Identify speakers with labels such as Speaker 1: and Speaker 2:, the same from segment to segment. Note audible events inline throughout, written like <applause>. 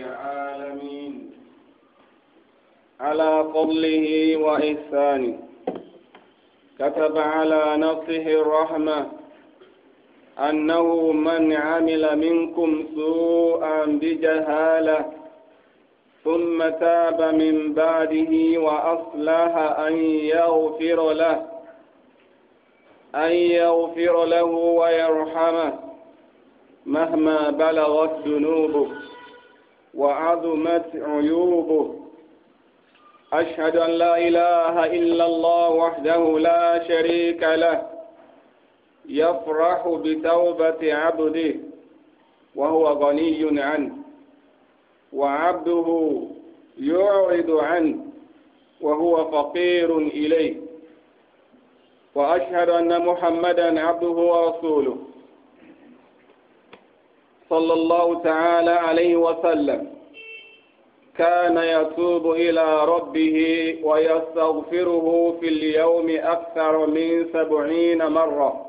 Speaker 1: العالمين على فضله وإحسانه كتب على نفسه الرحمة أنه من عمل منكم سوءا بجهالة ثم تاب من بعده وأصلح أن يغفر له أن يغفر له ويرحمه مهما بلغت ذنوبه وعظمت عيوبه أشهد أن لا إله إلا الله وحده لا شريك له يفرح بتوبة عبده وهو غني عنه وعبده يعرض عنه وهو فقير إليه وأشهد أن محمدا عبده ورسوله صلى الله تعالى عليه وسلم كان يتوب إلى ربه ويستغفره في اليوم أكثر من سبعين مرة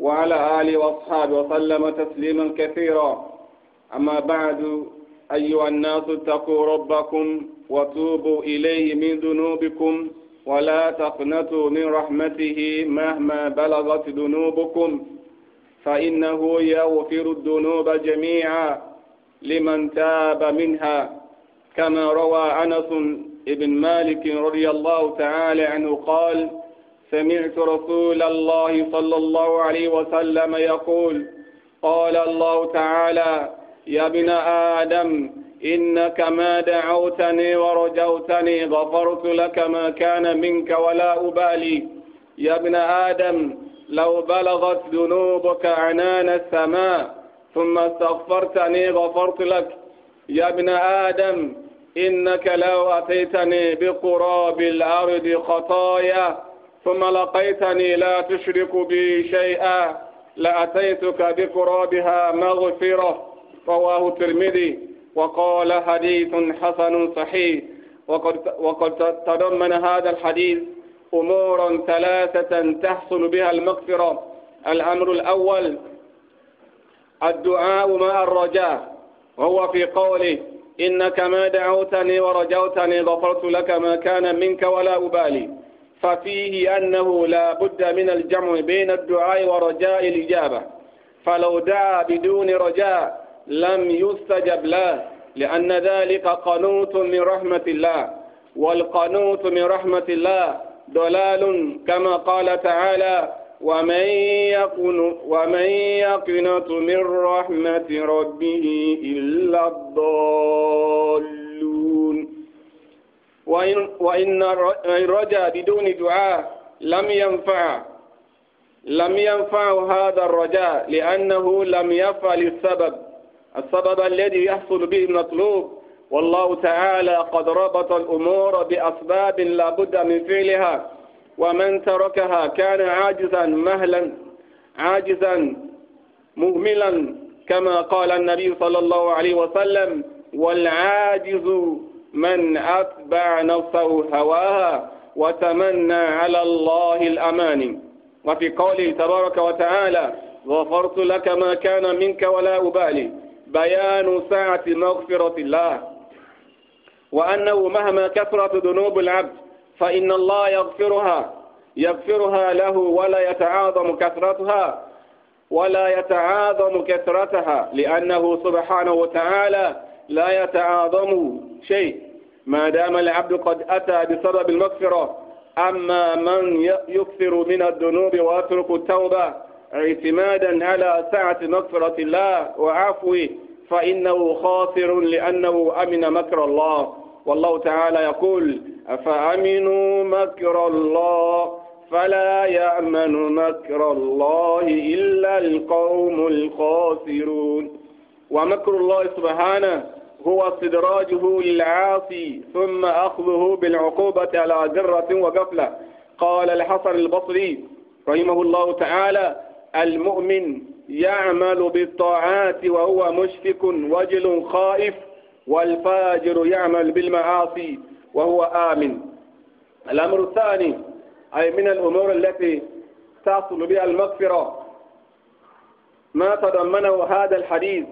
Speaker 1: وعلى آله وأصحابه وسلم تسليما كثيرا أما بعد أيها الناس اتقوا ربكم وتوبوا إليه من ذنوبكم ولا تقنطوا من رحمته مهما بلغت ذنوبكم فإنه يغفر الذنوب جميعا لمن تاب منها كما روى أنس بن مالك رضي الله تعالى عنه قال سمعت رسول الله صلى الله عليه وسلم يقول قال الله تعالى يا ابن آدم إنك ما دعوتني ورجوتني غفرت لك ما كان منك ولا أبالي يا ابن آدم لو بلغت ذنوبك عنان السماء ثم استغفرتني غفرت لك يا ابن آدم إنك لو أتيتني بقراب الأرض خطايا ثم لقيتني لا تشرك بي شيئا لأتيتك بقرابها مغفرة رواه الترمذي وقال حديث حسن صحيح وقد, وقد تضمن هذا الحديث أمورا ثلاثة تحصل بها المغفرة الأمر الأول الدعاء مع الرجاء وهو في قوله إنك ما دعوتني ورجوتني غفرت لك ما كان منك ولا أبالي ففيه أنه لا بد من الجمع بين الدعاء ورجاء الإجابة فلو دعا بدون رجاء لم يستجب له لأن ذلك قنوط من رحمة الله والقنوط من رحمة الله ضلال كما قال تعالى ومن يقن ومن يقنط من رحمة ربه إلا الضالون وإن وإن رجا بدون دعاء لم ينفع لم ينفع هذا الرجاء لأنه لم يفعل السبب السبب الذي يحصل به المطلوب والله تعالى قد ربط الأمور بأسباب لا بد من فعلها ومن تركها كان عاجزا مهلا عاجزا مهملا كما قال النبي صلى الله عليه وسلم والعاجز من أتبع نفسه هواها وتمنى على الله الأماني وفي قوله تبارك وتعالى غفرت لك ما كان منك ولا أبالي بيان سعة مغفرة الله وأنه مهما كثرت ذنوب العبد فإن الله يغفرها يغفرها له ولا يتعاظم كثرتها ولا يتعاظم كثرتها لأنه سبحانه وتعالى لا يتعاظم شيء ما دام العبد قد أتى بسبب المغفرة أما من يكثر من الذنوب ويترك التوبة اعتمادا على سعة مغفرة الله وعفوه فإنه خاسر لأنه أمن مكر الله والله تعالى يقول أفأمنوا مكر الله فلا يأمن مكر الله إلا القوم الخاسرون ومكر الله سبحانه هو استدراجه للعاصي ثم أخذه بالعقوبة على جرة وقفلة قال الحسن البصري رحمه الله تعالى المؤمن يعمل بالطاعات وهو مشفق وجل خائف والفاجر يعمل بالمعاصي وهو آمن الأمر الثاني أي من الأمور التي تصل بها المغفرة ما تضمنه هذا الحديث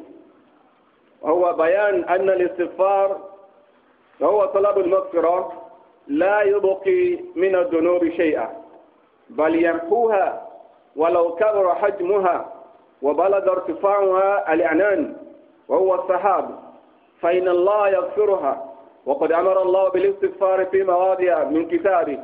Speaker 1: وهو بيان أن الاستغفار وهو طلب المغفرة لا يبقي من الذنوب شيئا بل يمحوها ولو كبر حجمها وبلغ ارتفاعها الإعنان وهو السحاب فإن الله يغفرها وقد أمر الله بالاستغفار في مواضع من كتابه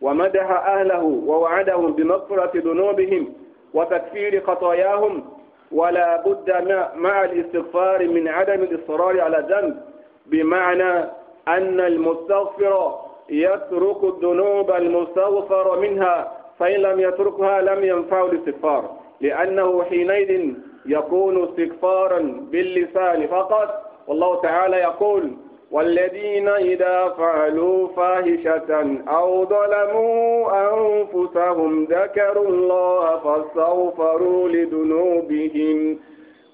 Speaker 1: ومدح أهله ووعدهم بمغفرة ذنوبهم وتكفير خطاياهم ولا بد مع الاستغفار من عدم الإصرار على الذنب بمعنى أن المستغفر يترك الذنوب المستغفر منها فإن لم يتركها لم ينفع الاستغفار لأنه حينئذ يكون استغفارا باللسان فقط والله تعالى يقول والذين إذا فعلوا فاحشة أو ظلموا أنفسهم ذكروا الله فاستغفروا لذنوبهم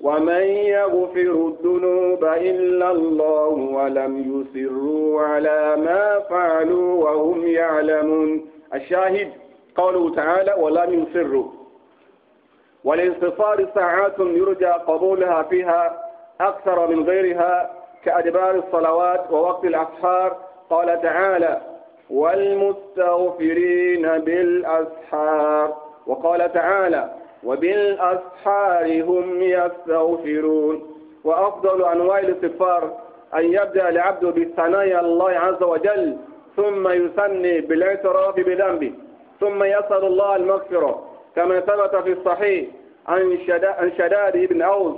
Speaker 1: ومن يغفر الذنوب إلا الله ولم يصروا على ما فعلوا وهم يعلمون الشاهد قوله تعالى ولم سر والانتصار ساعات يرجى قبولها فيها أكثر من غيرها كأدبار الصلوات ووقت الأسحار قال تعالى والمستغفرين بالأسحار وقال تعالى وبالأسحار هم يستغفرون وأفضل أنواع الاستغفار أن يبدأ العبد بثنايا الله عز وجل ثم يثني بالاعتراف بذنبه ثم يسأل الله المغفرة كما ثبت في الصحيح عن عن شداد بن أوس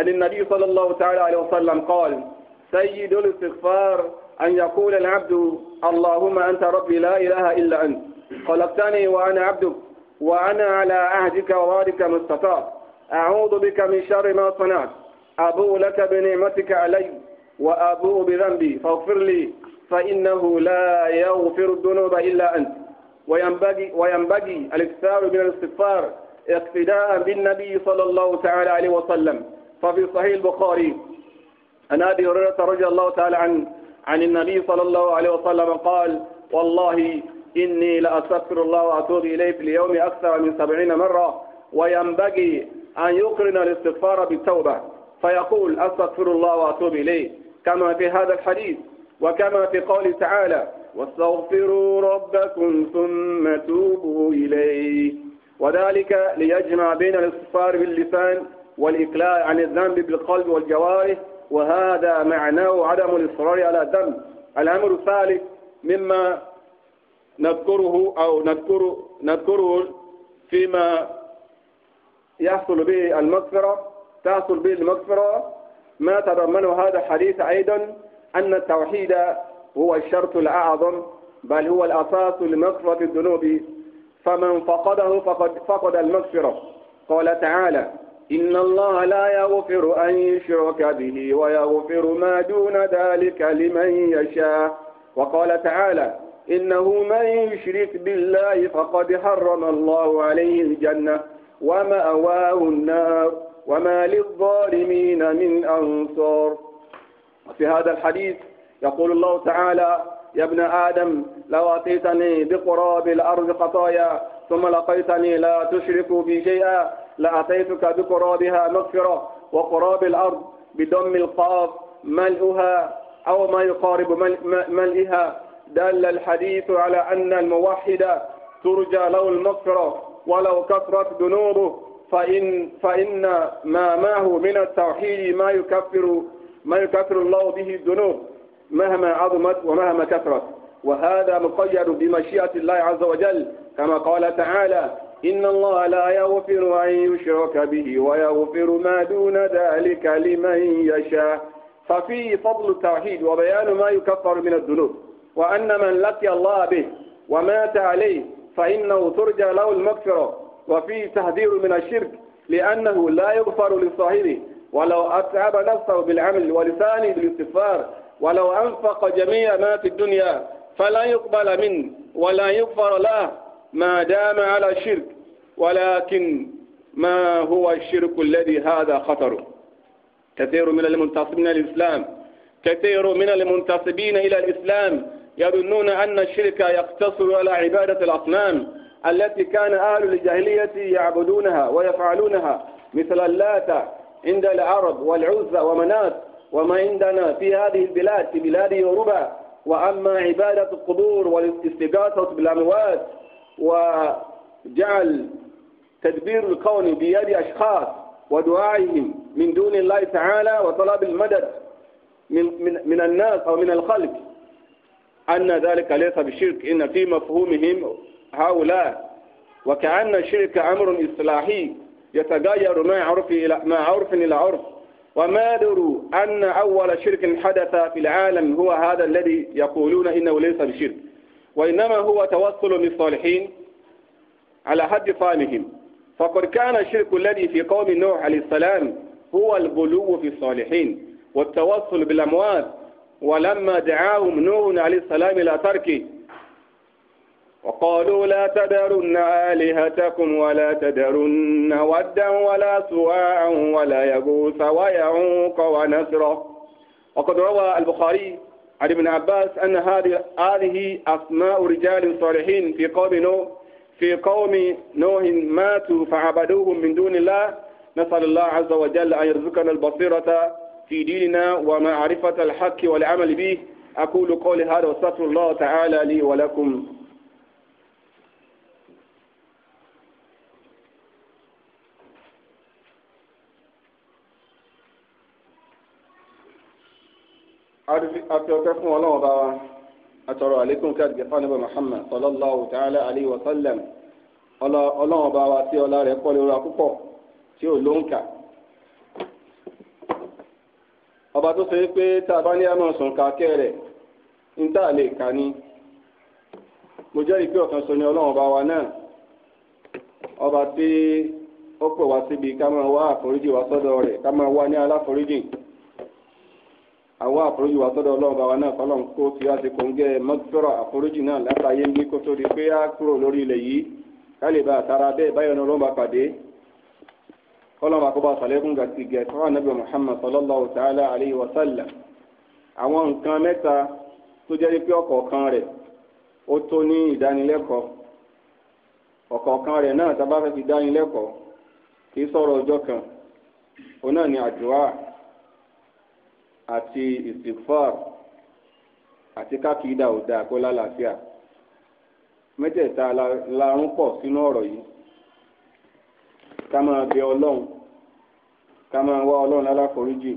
Speaker 1: أن النبي صلى الله تعالى عليه وسلم قال سيد الاستغفار أن يقول العبد اللهم أنت ربي لا إله إلا أنت خلقتني وأنا عبدك وأنا على عهدك ووعدك ما استطعت أعوذ بك من شر ما صنعت أبوء لك بنعمتك علي وأبوء بذنبي فاغفر لي فإنه لا يغفر الذنوب إلا أنت وينبغي, وينبغي الاكثار من الاستغفار اقتداء بالنبي صلى الله تعالى عليه وسلم ففي صحيح البخاري عن أبي هريرة رضي الله تعالى عنه عن النبي صلى الله عليه وسلم قال والله إني لأستغفر الله وأتوب إليه في اليوم أكثر من سبعين مرة وينبغي أن يقرن الاستغفار بالتوبة فيقول أستغفر الله وأتوب إليه كما في هذا الحديث وكما في قوله تعالى واستغفروا ربكم ثم توبوا إليه وذلك ليجمع بين الاستغفار باللسان والإقلاع عن الذنب بالقلب والجوارح وهذا معناه عدم الإصرار على الذنب الأمر الثالث مما نذكره أو نذكر نذكره فيما يحصل به المغفرة تحصل به المغفرة ما تضمنه هذا الحديث أيضا أن التوحيد هو الشرط الأعظم بل هو الأساس لمغفرة الذنوب فمن فقده فقد فقد المغفرة قال تعالى إن الله لا يغفر أن يشرك به ويغفر ما دون ذلك لمن يشاء وقال تعالى إنه من يشرك بالله فقد حرم الله عليه الجنة ومأواه النار وما للظالمين من أنصار وفي هذا الحديث يقول الله تعالى يا ابن آدم لو أتيتني بقراب الأرض خطايا ثم لقيتني لا تشرك بي شيئا لأتيتك بقرابها مغفرة وقراب الأرض بدم القاف ملئها أو ما يقارب ملئها دل الحديث على أن الموحد ترجى له المغفرة ولو كثرت ذنوبه فإن, فإن ما معه من التوحيد ما يكفر ما يكفر الله به الذنوب مهما عظمت ومهما كثرت وهذا مقيد بمشيئة الله عز وجل كما قال تعالى إن الله لا يغفر أن يشرك به ويغفر ما دون ذلك لمن يشاء ففيه فضل التوحيد وبيان ما يكفر من الذنوب وأن من لقي الله به ومات عليه فإنه ترجى له المغفرة وفيه تهذير من الشرك لأنه لا يغفر لصاحبه ولو أتعب نفسه بالعمل ولسانه بالاستغفار ولو أنفق جميع ما في الدنيا فلا يقبل منه ولا يغفر له ما دام على الشرك ولكن ما هو الشرك الذي هذا خطره كثير من المنتصبين للإسلام كثير من المنتصبين إلى الإسلام يظنون أن الشرك يقتصر على عبادة الأصنام التي كان أهل الجاهلية يعبدونها ويفعلونها مثل اللات عند العرب والعزى ومنات وما عندنا في هذه البلاد في بلاد يوروبا وأما عبادة القبور والاستغاثة بالأموات وجعل تدبير الكون بيد أشخاص ودعائهم من دون الله تعالى وطلب المدد من, من, من الناس أو من الخلق أن ذلك ليس بشرك إن في مفهومهم هؤلاء وكأن الشرك أمر إصلاحي يتغير ما عرف إلى ما عرف إلى عرف وما دروا أن أول شرك حدث في العالم هو هذا الذي يقولون إنه ليس بشرك وإنما هو توصل للصالحين على حد فهمهم فقد كان الشرك الذي في قوم نوح عليه السلام هو الغلو في الصالحين والتوصل بالأموات ولما دعاهم نوح عليه السلام إلى تركه وقالوا لا تذرن آلهتكم ولا تذرن ودا ولا سواعا ولا يغوث ويعوق ونسرا وقد روى البخاري عن ابن عباس أن هذه أسماء رجال صالحين في قوم نوح في قوم نوح ماتوا فعبدوهم من دون الله نسأل الله عز وجل أن يرزقنا البصيرة في ديننا ومعرفة الحق والعمل به أقول قولي هذا واستغفر الله تعالى لي ولكم àti fún Ọlọ́run ọba wa àtọrọ àlékún kí àdìgẹ fún Muhammad sallallahu ta'ala alayhi wa sallam Ọlọ́run wa tí ọlá rẹ̀ pọ̀ lórí akúpọ̀ tí ò ló ń kà ọba tó ṣe pé tá a bá ní àmọ́ sùn kàkẹ́ ń tà lè kà ní mo ni Ọlọ́run àwọn àforíjì wa sọ́dọ̀ ọlọ́run bá wa náà kọ́lọ́n kó fi wá sí kòńgẹ́ mọ́tòrọ̀ àforíjì náà látàyé ń bí kó tó di pé á kúrò lórí ilẹ̀ yìí kálíbà àtàrà bẹ́ẹ̀ báyọ̀ ní ọlọ́run bá pàdé kọ́lọ́n bá kó bá sàlẹ́kùn gàtìgẹ̀ ànábì Muhammad ta'ala alayhi wa sallam àwọn nǹkan mẹ́ta tó jẹ́ pé rẹ̀ ó tó ní ìdánilẹ́kọ̀ọ́ fi kan àti istighfar àti kákìdá òdà kó lálàáfíà mẹ́tẹ̀ẹ̀ta larún pọ̀ sínú ọ̀rọ̀ yìí ká máa bẹ ọlọ́run ká máa wá ọlọ́run lálàforíjì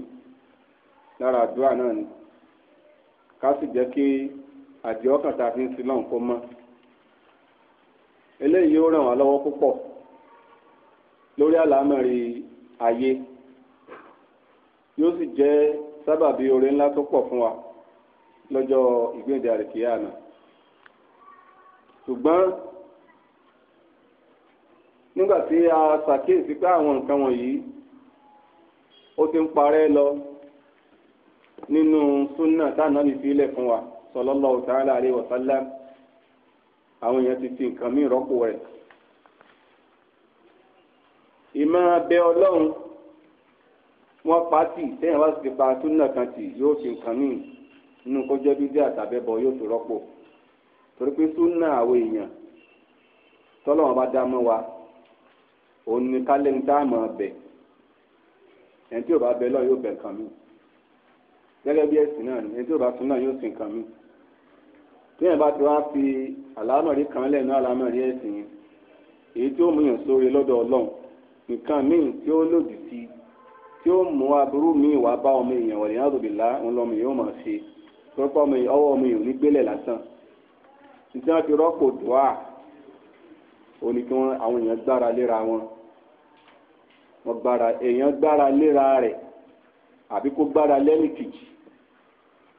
Speaker 1: lára àdúrà náà ni ká sì jẹ́ kí àdìọ́kàn tá a fi ń sin lọ́hùn kó mọ́ eléyìí ó ràn wá lọ́wọ́ púpọ̀ lórí àlámọ̀rí ayé yóò sì jẹ́ sábàbí oore ńlá tó pọ̀ fún wa lọ́jọ́ ìgbéǹde àrèkèyà àná ṣùgbọ́n nígbà tí a ṣàkíyèsí pé àwọn nǹkan wọ̀nyí ó ti ń parẹ́ lọ nínú súnà táwọn náà fi ilẹ̀ fún wa sallallahu ta'ala alaihi wa àwọn èèyàn ti fi nǹkan míì rọ́pò rẹ̀ ìmọ̀ abẹ́ ọlọ́run wọ́n pa tì téèyàn bá sì ti pa súnà kan tì yóò fi nǹkan míì nínú kó jẹ́ bíbí àtàbẹ́bọ yóò tó rọ́pò torí pé súnà àwọn èèyàn tọ́lọ́wọ́n bá dá mọ́ wa òun ni ká lẹ́nu tá a mọ̀ bẹ̀ ẹni tí ò bá bẹ lọ́ọ̀ yóò bẹ̀ nǹkan míì gẹ́gẹ́ bí ẹ̀sìn náà ni ẹni tí ò bá sùn yóò sin nǹkan míì téèyàn bá ti wá fi àlámọ̀rí kan lẹ́nu àlámọ̀rí ẹ̀sìn yẹn èyí tí ó mú yàn sóore lọ́dọ̀ ọlọ́run nǹkan míì tí ó lòdì sí i tí ó mú aburú míì wá bá ọmọ èèyàn wọ̀lẹ̀ yàtọ̀ bìlá òun lọ́mọ mi ó máa ṣe tọ́pọ̀ ọmọ yìí ọwọ́ ọmọ yìí ò ní gbélẹ̀ lásán ìdí wọn fi rọ́pò dùá ó ní kí wọn àwọn èèyàn gbára léra wọn wọn gbára èèyàn gbára léra rẹ̀ àbí kó gbára lẹ́nu kejì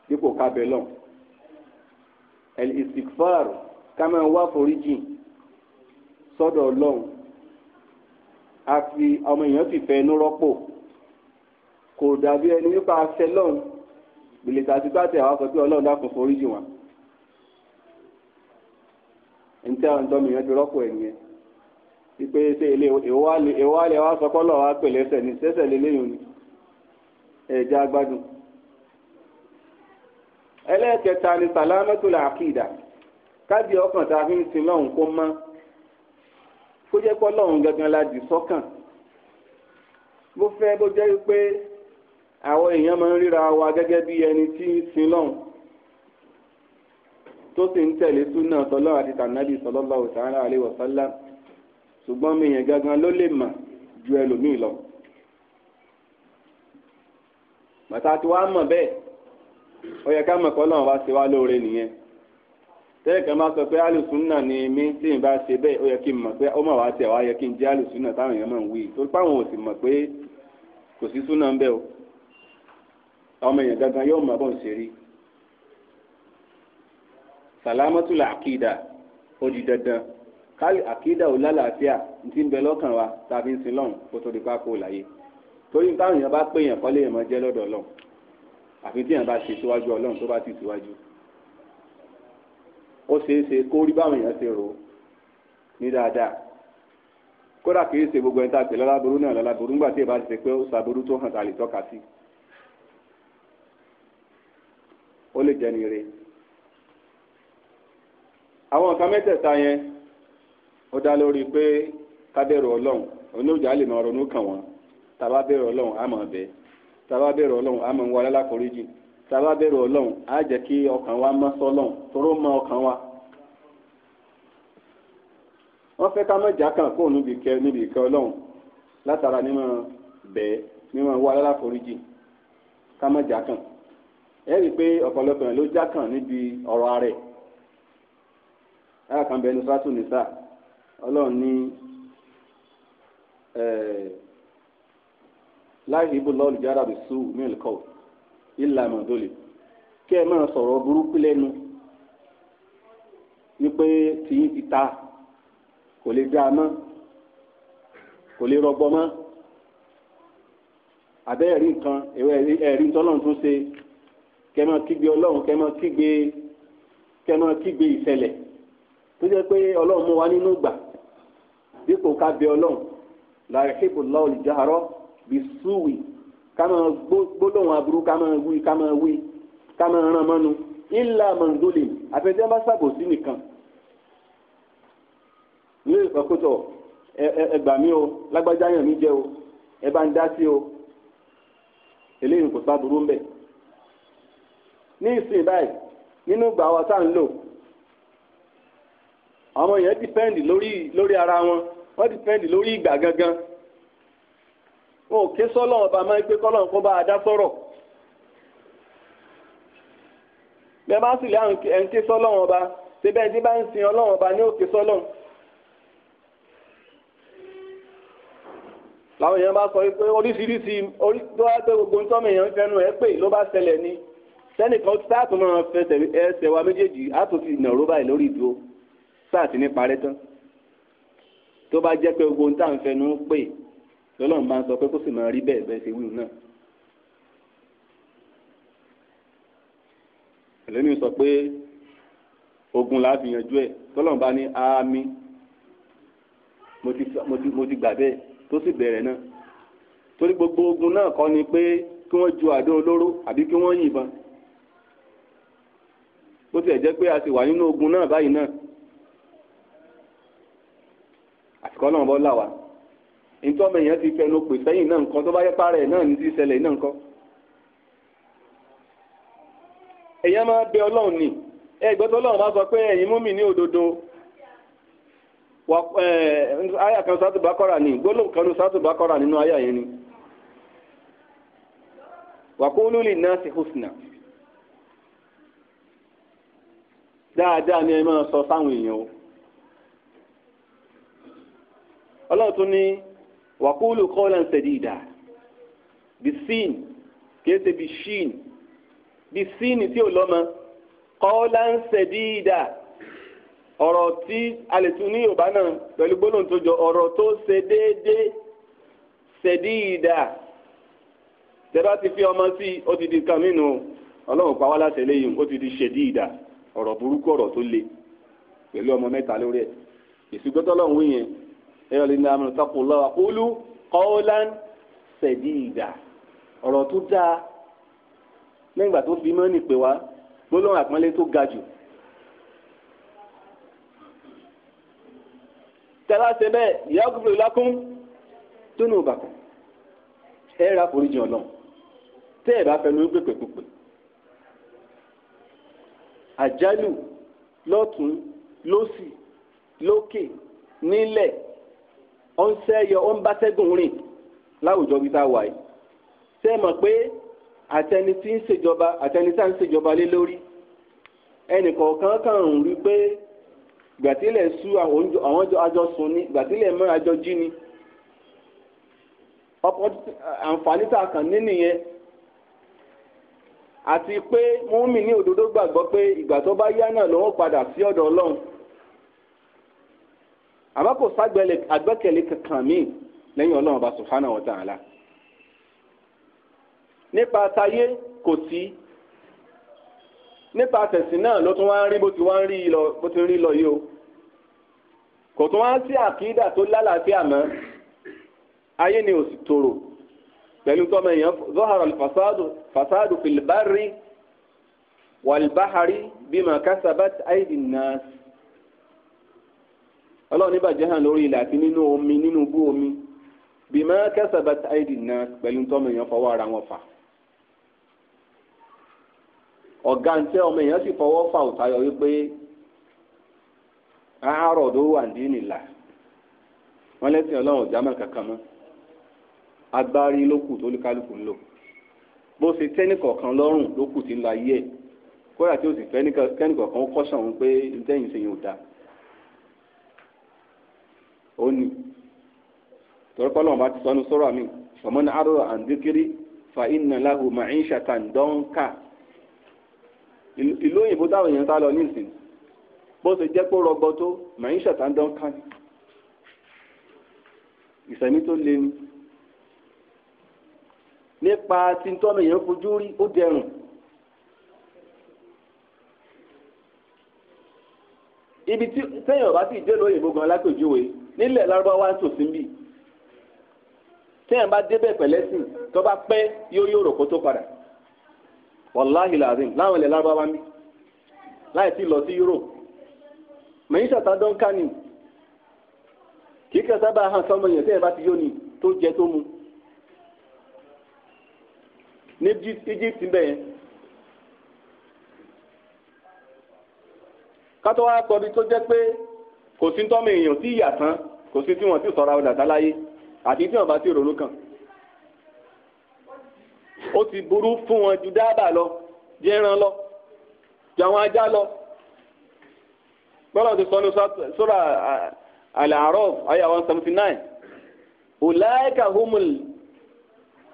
Speaker 1: dípò kábẹ́ lọ́n ẹ̀lìsìkfàr ká wá foríjìn sọ́dọ̀ ọlọ́run a fi ọmọ èèyàn fìfẹ́ inú rọ́pò kò dàbí ẹni nípa aṣẹ lọ́hùn gbèlèkà àti pàtẹ àwọn akọ̀tí ọlọ́run dákun forí jì wọ́n ntẹ́ àwọn ọ̀dọ́ mìíràn ti rọ́pò ẹ̀ nìyẹn wípé ṣé ilé ìwálẹ̀ wa sọ kọ́lọ̀ wa pè lẹ́sẹ̀ ní sẹ́sẹ̀ lélẹ́yìn ni ẹ̀já gbádùn ẹlẹ́ẹ̀kẹta ni sàlámẹ́tòlá àkìdá káàdì ọkàn tá a fi ń sin lọ́hùn kó mọ́ kó jẹ́ kọ́ lọ́hùn gangan la dì sọ́kàn bó fẹ́ bó jẹ́ wípé àwọn èèyàn máa ń ríra wa gẹ́gẹ́ bí ẹni tí ń sin lọ́hùn tó sì ń tẹ̀lé súnà tọ́lọ́ àti tànàbì sallallahu ta'ala alaihi wasallam ṣùgbọ́n mi yẹn gangan ló lè mà ju ẹlòmíì lọ. bàtà tí wàá mọ̀ bẹ́ẹ̀ ó yẹ ká mọ̀ kọ́ lọ́wọ́ bá ṣe wá lóore nìyẹn tẹ́ẹ̀kan bá sọ pé alùsùnà ni mí tí n bá ṣe bẹ́ẹ̀ ó yẹ kí n mọ̀ pé ó mọ̀ wá tẹ̀ wá yẹ kí n jẹ́ alùsùnà táwọn èèyàn mọ̀ ń wí torí páwọn ò sì mọ̀ pé kò sí súnà ń bẹ o ọmọ èèyàn gangan yóò mọ̀ bó ń ṣe rí sàlámọ́tò làkìdà ó di dandan káyì àkìdà ò lálàáfíà ti ń bẹ lọ́kàn wa tàbí ń sin lọ́hùn kó tó di pákó láyé torí táwọn èèyàn bá pé èèyàn kọ́lé èèmọ̀ jẹ́ lọ́dọ̀ ọlọ́run àfi tí èèyàn bá ṣe síwájú ọlọ́run tó bá ti síwájú ó ṣeé ṣe kó rí báwọn èèyàn ṣe rò ó ní dáadáa kódà kì í ṣe gbogbo ẹni tá a pè lọ́láboró náà lọ́láboró ńgbà tí ì bá ti ṣe pé ó ṣàboró tó hàn tá ó lè jẹ́ nire àwọn nǹkan mẹ́tẹ̀ẹ̀ta yẹn ó dá lórí pé kábẹ̀rù ọlọ́run oníjà lè máa ronú kàn wọ́n tàbá bẹ̀rù ọlọ́run á máa bẹ̀ tàbá bẹ̀rù ọlọ́run á máa ń wá lálákòóríjì tàbá bẹ̀rù ọlọ́run á jẹ́ kí ọkàn wa mọ́ sọ́lọ́run mọ́ ọkàn wa wọ́n fẹ́ ká kan kó níbi níbi ọlọ́run látara ká kan. e rí pé ọ̀pọ̀lọpọ̀ ló já níbi ọ̀rọ̀ ààrẹ ẹ̀ka kan bẹ́ẹ̀ ní sátú nìsà ọlọ́run ní láì ibú lọ́ọ̀lù jára bí sùúrù kọ́ ìlà mọ̀dọ́lì kí ẹ máa sọ̀rọ̀ burúkú lẹ́nu wípé tìyín ti ta kò lè rọgbọ mọ́ àbẹ́ ẹ̀rí nǹkan ẹ̀rí kẹ́ máa kígbe ọlọ́run kẹ́ máa kígbe kẹ́ máa kígbe ìṣẹ̀lẹ̀ tó jẹ́ pé ọlọ́run mú wa nínú gbà dípò ká bẹ ọlọ́run la yuhibbu Allahu al-jahra bis-su'i ká máa gbólóhùn aburú ká máa wí ká máa wí ká máa ràn mọ́nu illa man zulim bá ṣàbòsí nìkan ní ìfọkútọ̀ ẹgbà mi o lágbájá yàn mi jẹ o ẹ bá ń dá sí o eléyìí kò sábúrú ń bẹ ní ìsìn báyìí nínú ìgbà wa tá à lò àwọn yẹn ara wọn wọ́n dìpẹ́ǹdì lórí ìgbà gangan wọn ò ké ma ọba máa ń gbé kọ́lọ́ kó bá a dá sọ̀rọ̀ bẹ́ẹ̀ bá sì lé àwọn ẹ̀ńké sọ́lọ́ ọba síbẹ̀ tí bá ń sin ọlọ́run ọba ní òkè sọ́lọ́ làwọn èèyàn bá sọ pé oríṣiríṣi orí tó wá pé gbogbo ń tọ́mọ èèyàn fẹ́nu ẹ̀ pè ló bá ṣẹlẹ̀ ni. sẹ́nìkan tí táàtù máa fẹsẹ̀ ẹsẹ̀ wa méjèèjì àtúntì ìnàró báyìí lórí ìdúró sáà ti ní parẹ́ tán tó bá jẹ́ pé gbogbo nta ń fẹnu pè lọ́lọ́run bá ń sọ pé kó sì máa rí bẹ́ẹ̀ bẹ́ẹ̀ ṣe wíwù náà. ẹlẹ́ni sọ pé ogun la fi yanjú ẹ̀ tọ́lọ́run bá ní àmì mo ti gbà bẹ́ẹ̀ tó sì bẹ̀rẹ̀ náà torí gbogbo ogun náà kọ́ ni pé kí wọ́n ju àdó olóró àbí kí wọ́n yìnbọn bó e jẹ́ pé a ti wà nínú ogun náà báyìí náà àsìkò náà bọ́ là wá èèyàn ti fẹnu pè sẹ́yìn náà nǹkan tó bá yẹ parẹ́ náà ní ti ṣẹlẹ̀ náà nǹkan. èèyàn máa bẹ ọlọ́run nì ẹgbẹ́ tó ọlọ́run bá sọ pé ẹ̀yin mú mi ní òdodo àyà kan kọ́ra ni gbólóhùn kan sátúbà kọ́ra nínú àyà ni. wàkúlù lè ná sí husna. dáadáa ni ẹ máa sọ sáwọn èèyàn o ọlọ́run tún ní wàkúlù kọ́ọ̀lán sẹ̀dídà bí sin kìí ṣe bí shin bí sin tí ò lọ́mọ kọ́ọ̀lán sẹ̀dídà ọ̀rọ̀ tí a lè tún ní yorùbá náà pẹ̀lú gbólóhùn tó jọ ọ̀rọ̀ tó ṣe déédéé sẹ̀dídà tẹ́lá ti fi ọmọ sí ó ti di kan nínú ọlọ́run pa wá láṣẹ lẹ́yìn ó ti di ṣẹ̀dídà ọ̀rọ̀ burúkú ọ̀rọ̀ tó le pẹ̀lú ọmọ mẹ́ta lórí ẹ̀ ìsúgbọ́tọ́ lọ́hùn wí yẹn ẹ yọ lè ní amúnú tako lọ́wọ́ kólú kọ́ọ́lán sẹ̀dí ìgbà ọ̀rọ̀ tó dáa lẹ́yìn ìgbà tó fi mọ́nì pè wá gbólóhùn àpọ́nlé tó ga jù tẹ́lá ṣe bẹ́ẹ̀ ìyá gbogbo ìlákún tó nù bàkàn ẹ ra foríjì ọ̀nà tẹ́ ẹ bá fẹnu pèpèpèpè àjálù lọ́tún lósì lókè nílẹ̀ ó ń sẹ́yọ ó ń bá sẹ́gùn rìn láwùjọ bí tá a wà yìí ṣé ẹ mọ̀ pé àtẹni tí ń ṣèjọba àtẹni tá à ń ṣèjọba lé lórí ẹnìkọ̀ọ̀kan kàn ń rí pé gbàtílẹ̀ sú àwọn àjọ sùn ni gbàtílẹ̀ mọ́ àjọ jí ni àǹfààní tá a kàn ní nìyẹn àti pé múmi ní òdodo gbàgbọ́ pé ìgbà tó bá yá náà lòun padà sí ọ̀dọ̀ ọlọ́run àmọ́ kò ságbẹ́lẹ̀ àgbẹ́kẹ̀lé kankan míì lẹ́yìn ọlọ́run ọba subhanahu wa ta'ala nípa tayé kò sí nípa tẹ̀sìn náà ló tún wá ń rí bó ti wá ń rí lọ bó ti rí lọ yìí o kò tún wá sí àkídà tó lálàáfíà mọ́ ayé ni ò sì tòrò pẹ̀lú tọ́mọ èèyàn zọ́hàrọ̀ fasádù fasádù fìlbárì wàlbáhárì bímọ kásábàtì àìdì náà ọlọ́run ní bàjẹ́ hàn lórí ilẹ̀ àti nínú omi nínú bú omi bímọ kásábàtì àìdì náà pẹ̀lú tọ́mọ èèyàn fọwọ́ ara wọn fà ọ̀gá ń tẹ́ ọmọ èèyàn sì fọwọ́ fà òtayọ wípé àárọ̀ ló wà ní nìlà wọ́n lẹ́sìn ọlọ́run ò já mọ́ kankan mọ́ agbárí ló kù tó kálukú ń lò bó ṣe tẹ́nìkọ̀ọ̀kan lọ́rùn ló kù tí ń lo ayé ẹ̀ kódà tí ó sì fẹ́ kẹ́nìkọ̀ọ̀kan ó kọ́ṣàn òun pé ntẹ́yìn ṣe yẹn ò dáa ó ní tọ́rọ́pọ́ lọ́wọ́ ti sọ́nu sọ́rọ̀ mi ọmọ ní àrùn àǹdíkiri fa iná láhùn màáyín ṣàtàndọ́ńkà ìlú òyìnbó táwọn èèyàn sá lọ nísìnyí bó ṣe jẹ́ pé rọgbọ tó màáyín ṣàtàndọ́ńkà ni ìsẹ̀mí tó le ni nípa tí ń tọ́nu èèyàn fojú rí ó dẹrùn. ibi tí sẹ́yìn ọ̀bá sì dé lóyìnbó gan lápèjúwe nílẹ̀ lárúbáwá ń tòsí bì sẹ́yìn bá débẹ̀ pẹ̀lẹ́sìn tó bá pẹ́ yóò yóò rò kó tó padà wàláhì làzim láwọn ilẹ̀ lárúbáwá ń bì láì tí lọ sí Europe mẹ̀yìn ṣàtàdán kánì kì kẹta bá hàn sọmọ yẹn sẹ́yìn bá ti yóni tó jẹ tó mu ní Egypt ń bẹ̀ yẹn. kátó wá gbọ́ bí tó jẹ́ pé kò sí tọ́mọ èèyàn tí ìyà tán kò sí tí wọ́n ti sọ̀rọ̀ àwọn dàda láyé àti tí wọ́n bá ti ròlú kàn. ó ti burú fún wọn ju dábàá lọ jẹran lọ ju àwọn ajá lọ. gbọ́dọ̀ ti sọ ní sura Al-A'raf one seventy nine. ulaika humul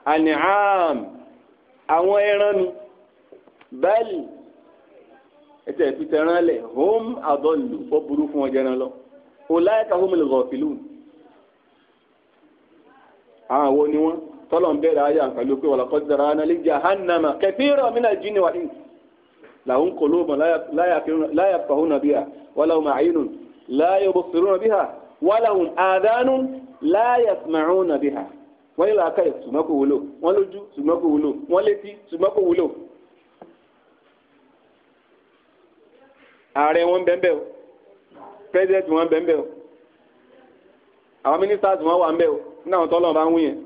Speaker 1: an'am àwọn ẹran ni báyìí ẹsẹ̀ ìfisẹ̀ ẹran lẹ̀ hom adọ́lù ó burú fún ọjà ẹran lọ ọláyàká homil gọ̀ọ̀fìlù àwọn àwọn ni wọn tọ́lọ̀ ń bẹ̀rẹ̀ ayé àkàlù pé wàlá kọ́sìdára ana lè jahannama kẹfìrọ̀ mí náà jíni wàhíì làwọn kò lóòmọ̀ láyà fàhùnà bíhà wàlá òmà àyínú láyà òbòsirúnà bíhà wàlá òmà àdánù láyà sùmàrúnà bíhà wọ́n ní làákàyè ṣùgbọ́n kò wúlò wọ́n lójú ṣùgbọ́n kò wúlò wọ́n létí ṣùgbọ́n kò wúlò. ààrẹ wọn bẹ́ẹ̀ o president wọn bẹ́ẹ̀ o àwọn ministers wọn wà ń bẹ o ní àwọn tọ́lọ́ bá ń wúyẹn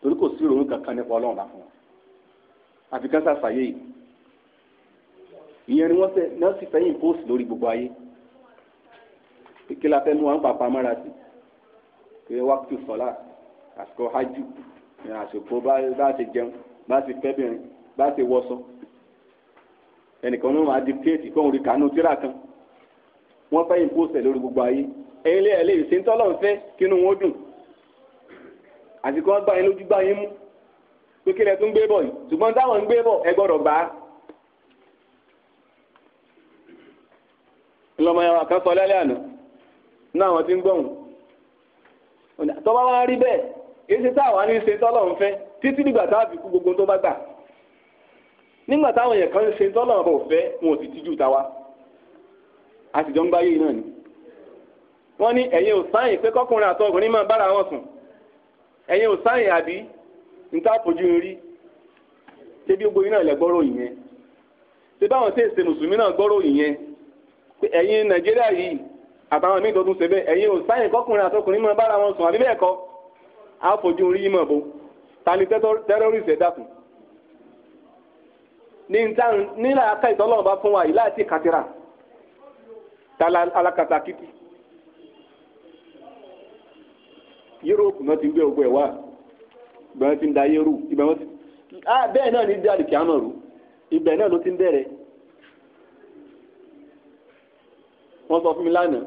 Speaker 1: torí kò sí ìrònú kankan nípa ọlọ́run bá fún wọn àfi kan ṣàṣàyè yìí ìyẹn ni wọ́n fẹ́ náà sì fẹ́yìn post lórí gbogbo ayé kékeré afẹ́nu wa ń pàpà mọ́ra sí kí wọ́n sọ́lá àsìkò hajj àsìkò bá ti jẹun bá ti fẹ́bìnrin bá ti wọṣọ ẹnìkan ló máa di péètì kóhun rí kánú tíra kan wọ́n fẹ́ ìpòsẹ̀ lórí gbogbo ayé ẹ̀yin lé ẹ̀lẹ́ ìsìn tọ́lọ̀ ń fẹ́ kínú wọn dùn àsìkò wọn gbá yín lójú gbá yín mú pé kí lẹ tún gbé bọ̀ yìí ṣùgbọ́n táwọn ń gbé bọ̀ ẹ gbọ́dọ̀ gbà á. ńlọmọ ẹ̀rọ kan sọ lálẹ́ àná náà wọ́n ti ń gbọ̀hún tọ́ba wa rí bẹ́ẹ̀ èsì táwa ní í ṣe tọ́lọ́run fẹ́ títí dìgbà táàbì kú gbogbo tó bá gbà nígbà táwọn èèyàn kan ń ṣe tọ́lọ́run bọ̀ fẹ́ wọn ò sì tijú tàwa àtijọ́ ń gbáyé náà ni wọ́n ní ẹ̀yin ò pé kọ́kùnrin àtọkùnrin máa bára wọn sùn ẹ̀yin ò sáyìn àbí níta rí ṣé bí gbogbo iná ilẹ̀ gbọ́rọ̀ ṣé báwọn tí èsè mùsùlùmí náà gbọ́rọ̀ pé ẹ̀yin Nàìjíríà yìí àtàwọn bára wọn sùn àbí bẹ́ẹ̀ kọ́ á fojú rí ìmọ̀ bụ ta ni tẹ́rọ́rìsì ẹ̀dá kù ní ntàn nílà aká ìtọ́lọ́wọ́ bá fún wa yìí láti kàtìrà ta la alakata kìtì yúróòpù náà ti gbé ogun ẹ̀ wá ibẹ̀ ti ń da yẹ́rù wọn ti bẹ́ẹ̀ náà dí rú náà ló sọ fún mi lánàá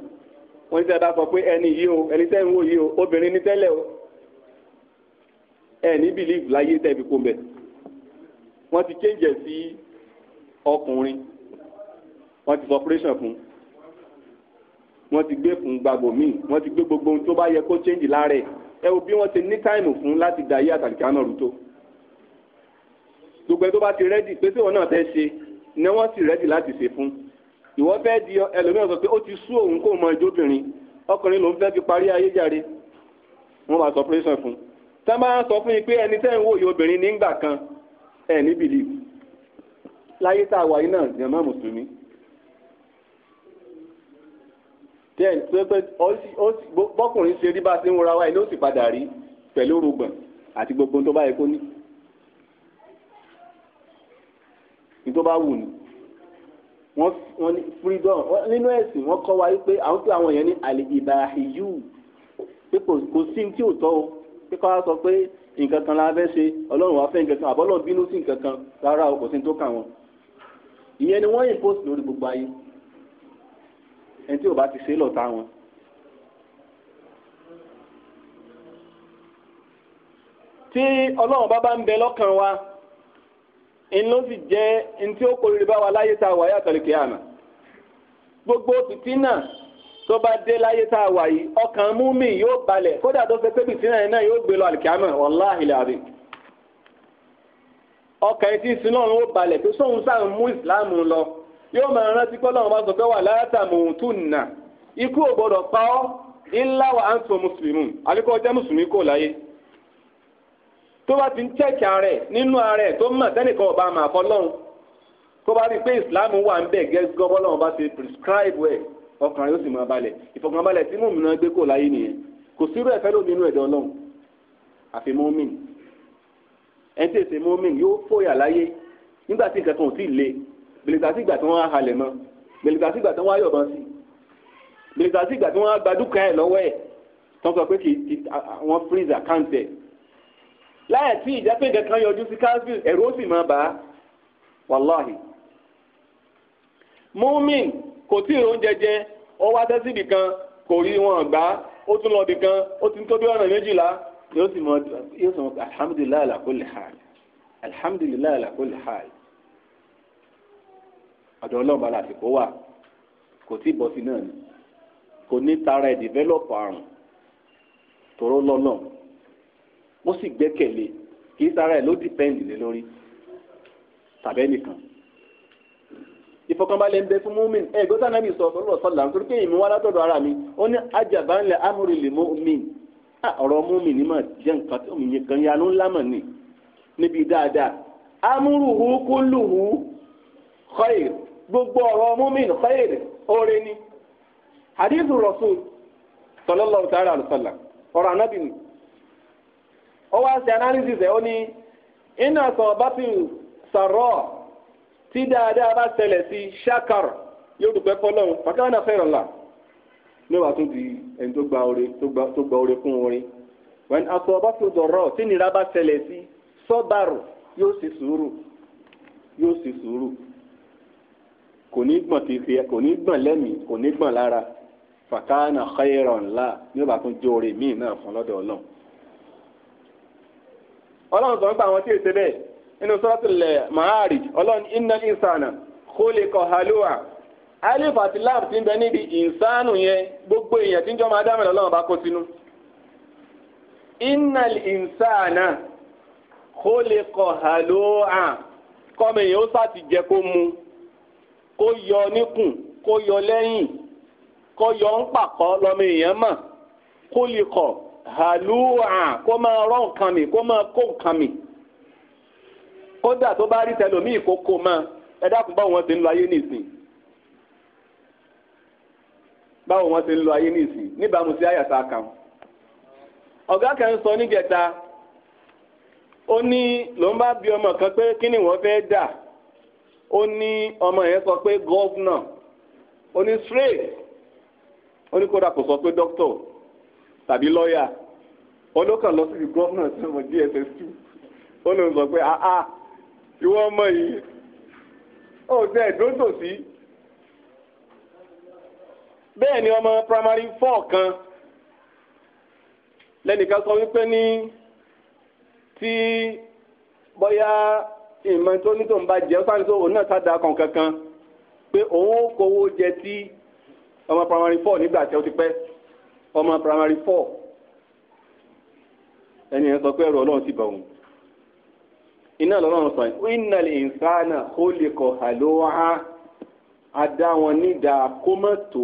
Speaker 1: wọ́n ti sọ pé ẹni yìí o ẹni tẹ́ o obìnrin o. ẹ ní believe láyé tẹbi kó mbẹ wọ́n ti change ẹ sí ọkùnrin wọ́n ti operation fún wọ́n ti gbé fún gbàgbọ́ míì wọ́n ti gbé gbogbo ohun tó bá yẹ kó change lára ẹ ẹ wo bí wọ́n ti ní táìmù fún láti dà yé àtàlìkà náà rú tó gbogbo ẹ tó bá ti rẹ́dì pé tí wọ́n náà fẹ́ ṣe ni wọ́n ti rẹ́dì láti ṣe fún ìwọ fẹ́ di ẹlòmíràn sọ pé ó ti sú òun kó mọ ẹjọ́ obìnrin ọkùnrin lòún fẹ́ fi parí ayé jàre wọ́n máa sọ fún un tá a máa sọ fún yín pé ẹni tẹ́ ń wòye obìnrin nígbà kan ẹ̀ ní bìlì láyé tá a wà yín náà yàn má mùsùlùmí. díẹ̀ pé pé bọ́kùnrin ṣe rí bá ṣe ń wọra wáyé ló sì padà rí pẹ̀lú rògbòn àti gbogbo tó bá yẹ kó ní. ní tó bá wù ní wọ́n wọ́n ní freedom nínú ẹ̀sìn wọ́n kọ́ wa wípé àwọn tó àwọn èèyàn ní àlè ìbáraẹ̀yù pé kò sí ní tí ò tọ́ o pé ká sọ pé nǹkan kan la fẹ́ ṣe ọlọ́run wá fẹ́ nǹkan kan àbọ̀ ọlọ́run bínú sí nǹkan kan rárá o kò sí tó kà wọ́n ìyẹn ni wọ́n impose lórí gbogbo ayé ẹni tí ò bá ti ṣe lọ́ta wọn. tí ọlọ́run bá bá ń bẹ lọ́kàn wa ń sì jẹ́ ń tí ó kórìíra bá wa láyé tá a wà yàtọ̀ lè kéèyàn gbogbo fìtínà tó bá dé láyé tá a wà yìí ọkàn mi yóò balẹ̀ kódà tó fẹ́ sínú náà yóò gbé lọ àlìkàmà wàláhì làbí. ọkàn etí sinú ọ̀run ó balẹ̀ pé mú ìsìláàmù lọ yóò máa rántí pé bá sọ pé wà ikú ò gbọdọ̀ pa ọ́ ọjọ́ láyé tó bá ti ń nínú tó mọ̀ sẹ́nìkan ọba ọkàn rẹ̀ yóò sì máa balẹ̀ ìfọkànbalẹ̀ tí mòmìn náà gbé kò láyé nìyẹn kò sírú ẹ̀fẹ́ lómi inú ẹ̀dọ́ ọlọ́run àfi mọ́mìn ẹni tí èsè mọ́mìn yóò fòyà láyé nígbà tí nǹkan kan ò tí ì le bèlèkà sígbà tí wọ́n á halẹ̀ mọ́ bèlèkà sígbà tí wọ́n á yọ̀bọ̀n sí bèlèkà sígbà tí wọ́n á gba dúkìá ẹ̀ lọ́wọ́ ẹ̀ tó ń sọ pé kì í wọ́n freeze account ẹ̀ láyẹ̀ tí ìjápé nǹkan kan yọjú sí káńsìl ẹ̀rù ó sì máa bàá wàláhì mọ́mìn kò tí ì oúnjẹ jẹ ó wá tẹ́sí ibì kan kò rí wọn gbá ó tún lọ ibì kan ó ti ń tó bí ọ̀nà méjìlá yóò sì mọ yóò sì mọ alhamdulilayi ala kulli hal alhamdulilayi ala kulli hal ọ̀dọ̀ ọlọ́ọ̀bá làsìkò wà kò tí ì bọ́ sí náà ni kò ní tara ẹ̀ dìvẹ́lọ́pù àrùn tòró lọ́nà ó sì gbẹ́kẹ̀lé kì í tara ẹ̀ ló dìpẹ́ǹdì lé lórí tàbẹ́nìkan ìfọkànbalẹ̀ ń bẹ fún mọ́mìn ẹ̀ gbọ́dọ̀ anábì sọ ọ̀rọ̀ sọ̀là nítorí pé ìmú wa látọ̀dọ̀ ara mi ó ní ajàbá ńlẹ̀ amúrí lè mọ́mìn ah, ọ̀rọ̀ mọ́mìn ni mà jẹ́ nǹkan tó yẹn kan yanu ńlá mọ̀ ni níbi dáadáa amúrùhù kúlùhù khair gbogbo ọ̀rọ̀ mọ́mìn khair oore ni hadith rasul sallallahu ta'ala alayhi wa sallam ọ̀rọ̀ anábì ni ó wá ṣe analysis ẹ̀ ó ní iná sọ̀ bá ti sàrọ̀ tí dáadáa bá ṣẹlẹ̀ sí ṣakar yóò dúpẹ́ fọlọ́run pàkánà fẹ́ràn là ní wàá tún di ẹni tó gba oore tó gba oore fún orin wẹ́n aṣọ ọba tó dọ̀rọ̀ tí nira bá ṣẹlẹ̀ sí sọ́bàrù yóò sì sùúrù yóò sì sùúrù kò ní gbọ̀n fífi kò ní gbọ̀n lẹ́mìí kò ní gbọ̀n lára fàkánà khairan la ní wàá tún jó oore míì náà fún lọ́dọ̀ ọlọ́run ọlọ́run sọ ń àwọn tí èsè bẹ́ẹ̀ inú suratul Ma'arij ọlọ́run innal insana khuliqa halu'a alif àti lam ti ń bẹ níbi ìsánù yẹn gbogbo èèyàn tí ń jọmọ adámẹ lọ́lọ́run bá kó sínú. innal insana khuliqa halu'a kọ́mọ èèyàn ó sàti jẹ kó mu kó yọ níkùn kó yọ lẹ́yìn kó yọ ń pàkọ́ lọ́mọ èèyàn mọ̀ khuliqa halu'a kó máa rọ́ nǹkan mi kó máa kó nǹkan mi. kódà tó bá rí tẹlòmíì ìkókó kó mọ́ ẹ dákun báwo wọn ti ń lo ayé nìsín báwo wọn ti ń lo ayé nìsín níbàámu sí àyàtà kan ọ̀gá kan sọ níjẹta ó ní ló ń bá bí ọmọ kan pé kí ni wọ́n fẹ́ dà ó ní ọmọ yẹn sọ pé gọ́vnà ó ní straight ó ní kódà kò sọ pé dókítà tàbí lọ́ọ̀yà ó ló kàn lọ sí gọ́vnà sí ọmọ dss two ó ló ń sọ pé ah ah. ìwọ ọmọ yìí ó jẹ́ ìdóńtòsí bẹ́ẹ̀ ni ọmọ primary four kan lẹ́nìkan sọ wípé ní tí bóyá ìmọ̀ tó ní tó ń bá jẹ́ sáà ní tó òun náà sá da kankan pé òun ó kówó jẹ tí ọmọ primary four nígbà tí ó ti pẹ́ ọmọ primary four ẹni yẹn sọ pé ẹ̀rọ ọlọ́run ti bọ̀ òun iná lọ́rùn sọ yìí innal insana khuliqa halu'a adá wọn nídà kómọ́tò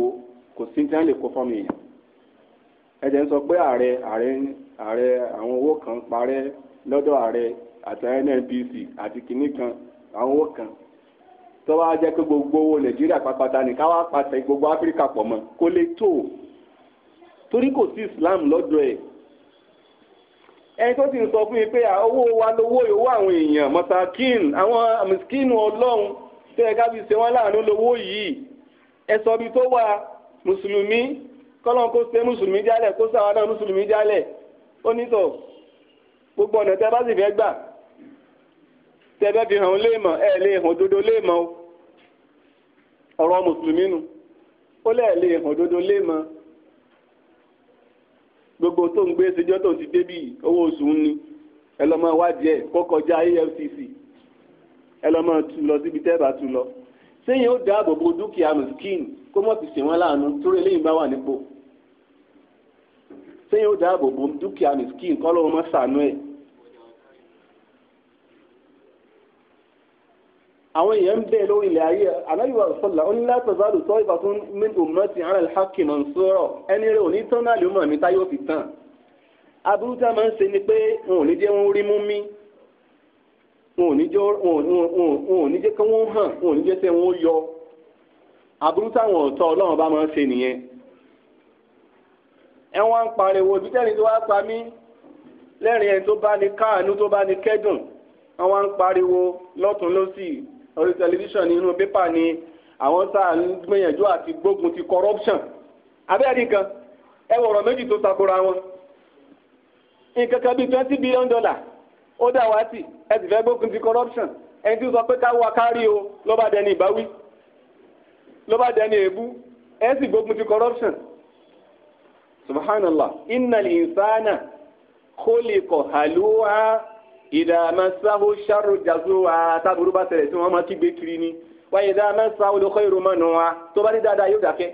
Speaker 1: kò sí tí wọ́n lè kó fọ́ọ̀mù èèyàn ẹ̀jẹ̀ ń sọ pé ààrẹ ààrẹ ààrẹ àwọn owó kan parẹ́ lọ́dọ̀ ààrẹ àti NNPC àti kìnnì kan àwọn owó kan tó wá jẹ́ pé gbogbo owó Nàìjíríà pápátá ní káwá pàtẹ gbogbo Áfíríkà pọ̀ mọ́ kó lè tó torí kò sí Islam lọ́dọ̀ ẹ̀ ẹni tó sì ń sọ fún mi pé owó wa lówó ìwó àwọn èèyàn mọ̀tàkín àwọn mùsùkínù ọlọ́run tó yẹ ká fi ṣe wọ́n láàánú lówó yìí ẹ sọ bí tó wà mùsùlùmí kọ́lọ́n kó ṣe mùsùlùmí jálẹ̀ kó sáwọn náà mùsùlùmí jálẹ̀ ó nítọ̀ gbogbo ọ̀nà tẹ́ bá sì fẹ́ gbà tẹ́ bẹ́ fi hàn ó léèmọ̀ ẹ lè hàn òdodo léèmọ̀ ọ̀rọ̀ mùsùlùmí nu ó lẹ́ẹ̀ lè hàn òdodo léèmọ̀ gbogbo tó ń gbé ṣèjọ́ tó ti débì owó oṣù ń ni ẹ lọ́ máa wádìí ẹ̀ kó kọjá AFCC ẹ lọ́ máa tu lọ síbi tẹ́ẹ̀bà tu lọ sẹ́yìn ó dáàbò bo dúkìá miskin kó mọ̀ fi ṣèwọ́n láàánú torí eléyìí bá wà nípò sẹ́yìn ó dáàbò bo dúkìá miskin kọ́ lọ́wọ́ mọ́ sànú ẹ̀ àwọn èèyàn ń bẹ̀ lórí ilẹ̀ ayé anáyíwá sọlá ó ní láti zádù sọ ìgbà tó mí ummati ala al-haqqi mansura ẹni rẹ òní tán náà lè mọ̀ mi táyọ̀ fi tàn aburú tá a máa ń ṣe ni pé wọn ò ní jẹ́ wọn rí mú mi wọn ò ní jẹ́ kí wọ́n hàn wọn ò ní jẹ́ sẹ́ wọn yọ aburú táwọn ọ̀tọ̀ ọlọ́run bá máa ń ṣe nìyẹn ẹ wá ń pariwo bí tẹ́ni tó wá pa mí lẹ́rìn orí tẹlifíṣàn nínú pépà ni àwọn tá à ń gbìyànjú àti gbógun ti corruption abẹ́rẹ́ nìkan ẹ wọ̀rọ̀ méjì tó takora wọn nǹkan kan bíi twenty billion dollar ó dà wá sí ẹ sì fẹ́ gbógun ti corruption ẹni tí ó sọ pé ká wá kárí o ló bá dẹni ìbáwí ló bá dẹni èébú ẹ sì gbógun ti corruption subhanallah Inna innal insana khuliqa halu'a ìdá masahu sharru jazua táburú bá tẹ̀lé tí wọ́n máa kígbe kiri ni wá ìdá masahu lóko ìrùmọ̀nù wa tó bá ní dáadáa yóò dákẹ́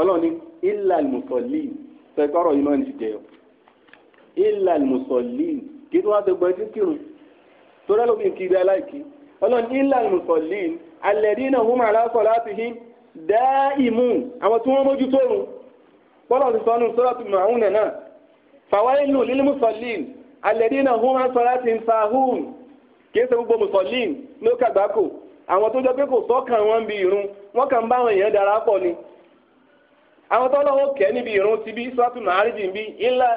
Speaker 1: ọlọ́run ní ilà mùsọ̀lì sẹ́kọ̀rọ̀ yìí máa ń dìde o ilà mùsọ̀lì kí tí wọ́n ti gbọ́ etí kírun tó rẹ́ lómi kiri aláìkí ọlọ́run ilà mùsọ̀lì alladina hum ala salatihim daimun àwọn tí wọ́n mójú tóorùn bọ́lá ti sọ́nù sọ́dọ̀ tó mọ̀ àwọn náà fàwáyé lù lil musallin alẹ́dínà húmá sọ́ra ti ń fa húùn kìí ṣe gbogbo mùsọ̀lìm ló kàgbákò àwọn tó jọ pé kò sọ́kàn wọn bí irun wọn kàn ń bá àwọn èèyàn darapọ̀ ni àwọn tó lọ́wọ́ kẹ́ níbi irun ti bí sọ́tù nàárìjì bí ilà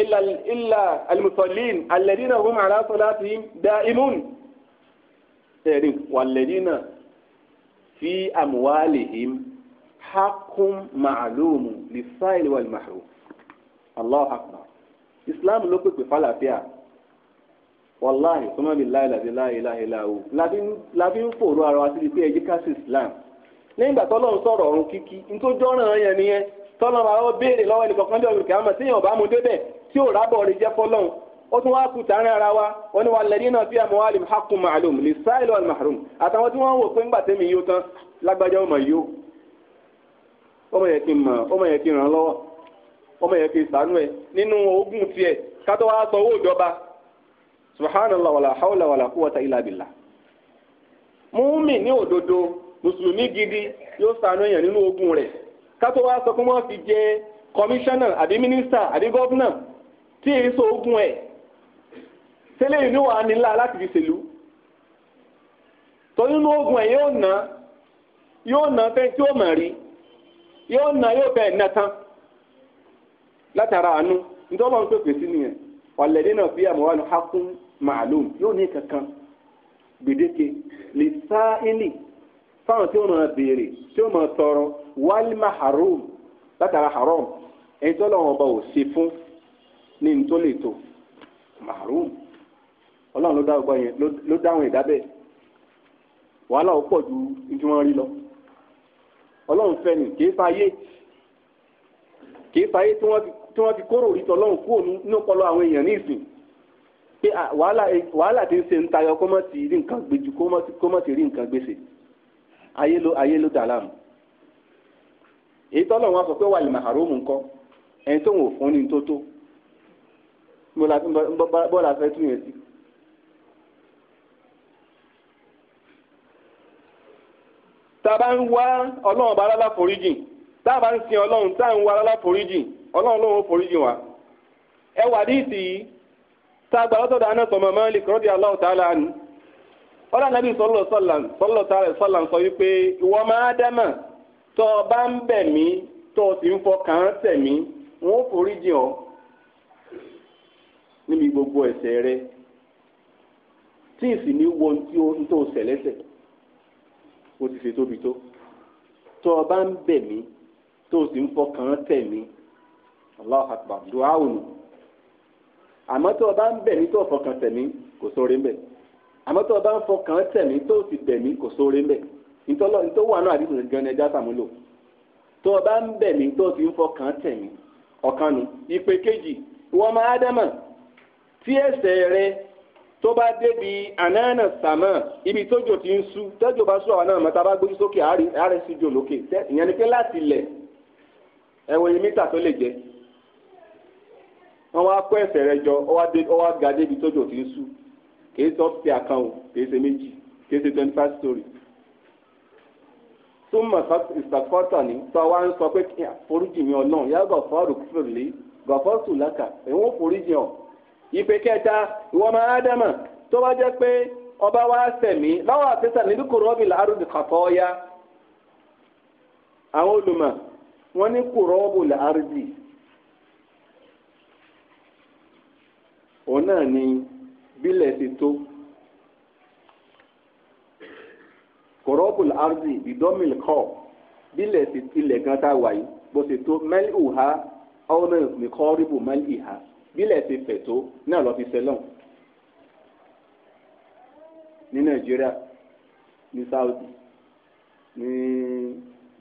Speaker 1: ilà ilà alimusọ̀lìm alẹ́dínà húmá aláṣọ́lá ti da imun ẹ̀rí wàlẹ́dínà fi àmúwálìhìm hakun màálùmù lìsáìlì wàlìmáhù Allahu akbar. islam ló pèpè fàlàfíà wàláhì sọmọbi láìláì láìláì láìláì láfi ń fòrò ara wa sí ibi pé ẹjí ká sí islam nígbà tọ́lọ́run sọ̀rọ̀ ọ̀run kíkí nítòjọ́ràn yẹn nìyẹn tọ́lọ́run àwọn ó béèrè lọ́wọ́ ẹnì kọ̀ọ̀kan dọ̀rùn kí á mọ̀ téèyàn mu débẹ̀ tí ò rábọ̀ rẹ̀ jẹ́ fọ́lọ́run ó tún wá kú ara wa wọn ni wà lẹ́yìn náà fi amwalim haqqun ma'lum lis-sa'il wal mahrum àtàwọn tí wọ́n wò pé ńgbà tẹ́mi yóò tán lágbájá ọmọ yóò ọmọ kí n mọ̀ ọmọ yẹ kí n ràn lọ́wọ́ ọmọ yẹn fi sànú ẹ nínú ogún tiẹ̀ kátó wàá san owó ìjọba subhanallah wàlà hawla wàlà kúwàtà ilà bìlà. múmi ní òdodo mùsùlùmí gidi yóò sànú èèyàn nínú ogún rẹ̀ kátó wàá sọ pé wọ́n fi jẹ kọmíṣánná àbí mínísítà àbí gọ́fúnà tí èyí sọ ogún ẹ̀ tẹ́lẹ̀ inú wa nílá láti fi ṣèlú torí inú ogun ẹ̀ yóò ná yóò ná fẹ́ tí ó mọ̀ rí yóò ná yóò fẹ́ ẹ̀ ná tán látara àánú nítorí wọn pèpè sí nìyẹn ọ̀lẹ́dẹ́ náà bí àmọ́ wọn hakun màálùm yóò ní kankan gbèdéke lè sá ẹni fáwọn tí wọn máa béèrè tí wọn máa tọrọ wálímà haram látara haram ẹni tó lọ́wọ́ ọba ò ṣe fún ní ní tó lè tó màálùm ọlọ́run ló dá ọgbọ́n yẹn ló dáhùn ìdábẹ́ wàhálà ó pọ̀ ju ibi wọn rí lọ ọlọ́run fẹ́ ni kì í fa ayé kì í fa ayé tí wọ́n ti tí wọ́n ti kóró orí kúrò ní ọpọlọ àwọn èèyàn ní ìsìn pé ti ń ṣe ń tayọ kó mọ̀ sí rí nǹkan gbèjú kó mọ̀ sí rí nǹkan gbèsè ayé ló ayé ló dà láàmú èyí sọ pé ẹni tó ń wò fún ni tó tó bọ́lá fẹ́ tún yẹn sí. tá a bá ń ọlọ́run bá ọlọ́run lòun forí jì wá ẹ wà ní ìsì yìí tá a gbà lọ́sọ̀dọ̀ aná sọ̀mọ́ sọlọ sọlọ sọ wípé ìwọ máa dámà tó o bá ń bẹ̀ mí tó o sì ń fọkàn tẹ̀ mí wọn gbogbo rẹ tí ní o ti ṣe tóbi tó tó o bá ń bẹ̀ mí tó o sì ń Allah akbar dùá òní àmọ́ tó o bá ń bẹ̀ mí tó o fọkàn tẹ̀mí kò sóore ń bẹ̀ àmọ́ tó o bá ń fọkàn tẹ̀mí tó o sì bẹ̀ mí kò sóore ń bẹ̀ nítorí wà náà àdìsùn gan ẹja sàmúlò tó o bá ń bẹ̀ mí tó o sì ń fọkàn tẹ̀mí ọ̀kan nu ìpè kejì wọ́n máa dámà tí ẹsẹ̀ rẹ tó bá débi ànáànà sàmà ibi tójò ti ń sú tẹ́jọ́ bá sú náà mọ́ta bá gbójú sókè wọ́n wá kó ẹsẹ̀ rẹ̀ jọ ọ wá ga débi tójò tí ń sú kì í sọ ọ́fíìsì àkàn o kì í ṣe méjì kì í ṣe twenty five story súnmọ̀ ìsàkọ́tọ̀ ní sọ wá ń sọ pé foríjì mi ọ̀nà ìyá gọ̀fọ́rù fèrèlé gọ̀fọ́sù lákà ìwọ̀n foríjì ọ̀ ìpè kẹta ìwọ́n máa ádámà tó bá jẹ́ pé ọba wa sẹ̀mí láwọn àtẹ́sà níbi kòrọ́bì làárùdì kàtọ́ ya àwọn olùmọ̀ wọ́n ní kòrọ́bù làárùdì òun náà ni bílẹ̀ ti tó kòrọ́bùl ardi bìdọ́mìl kọ́ bílẹ̀ ti tilẹ̀ gan tá a wà yìí bó ti tó mẹ́lì ìhà ọ̀nà nìkọ́ ríbù mẹ́lì ìhà bílẹ̀ ti fẹ̀ tó náà lọ́ fi sẹ́lọ̀n ní nàìjíríà ní saudi ní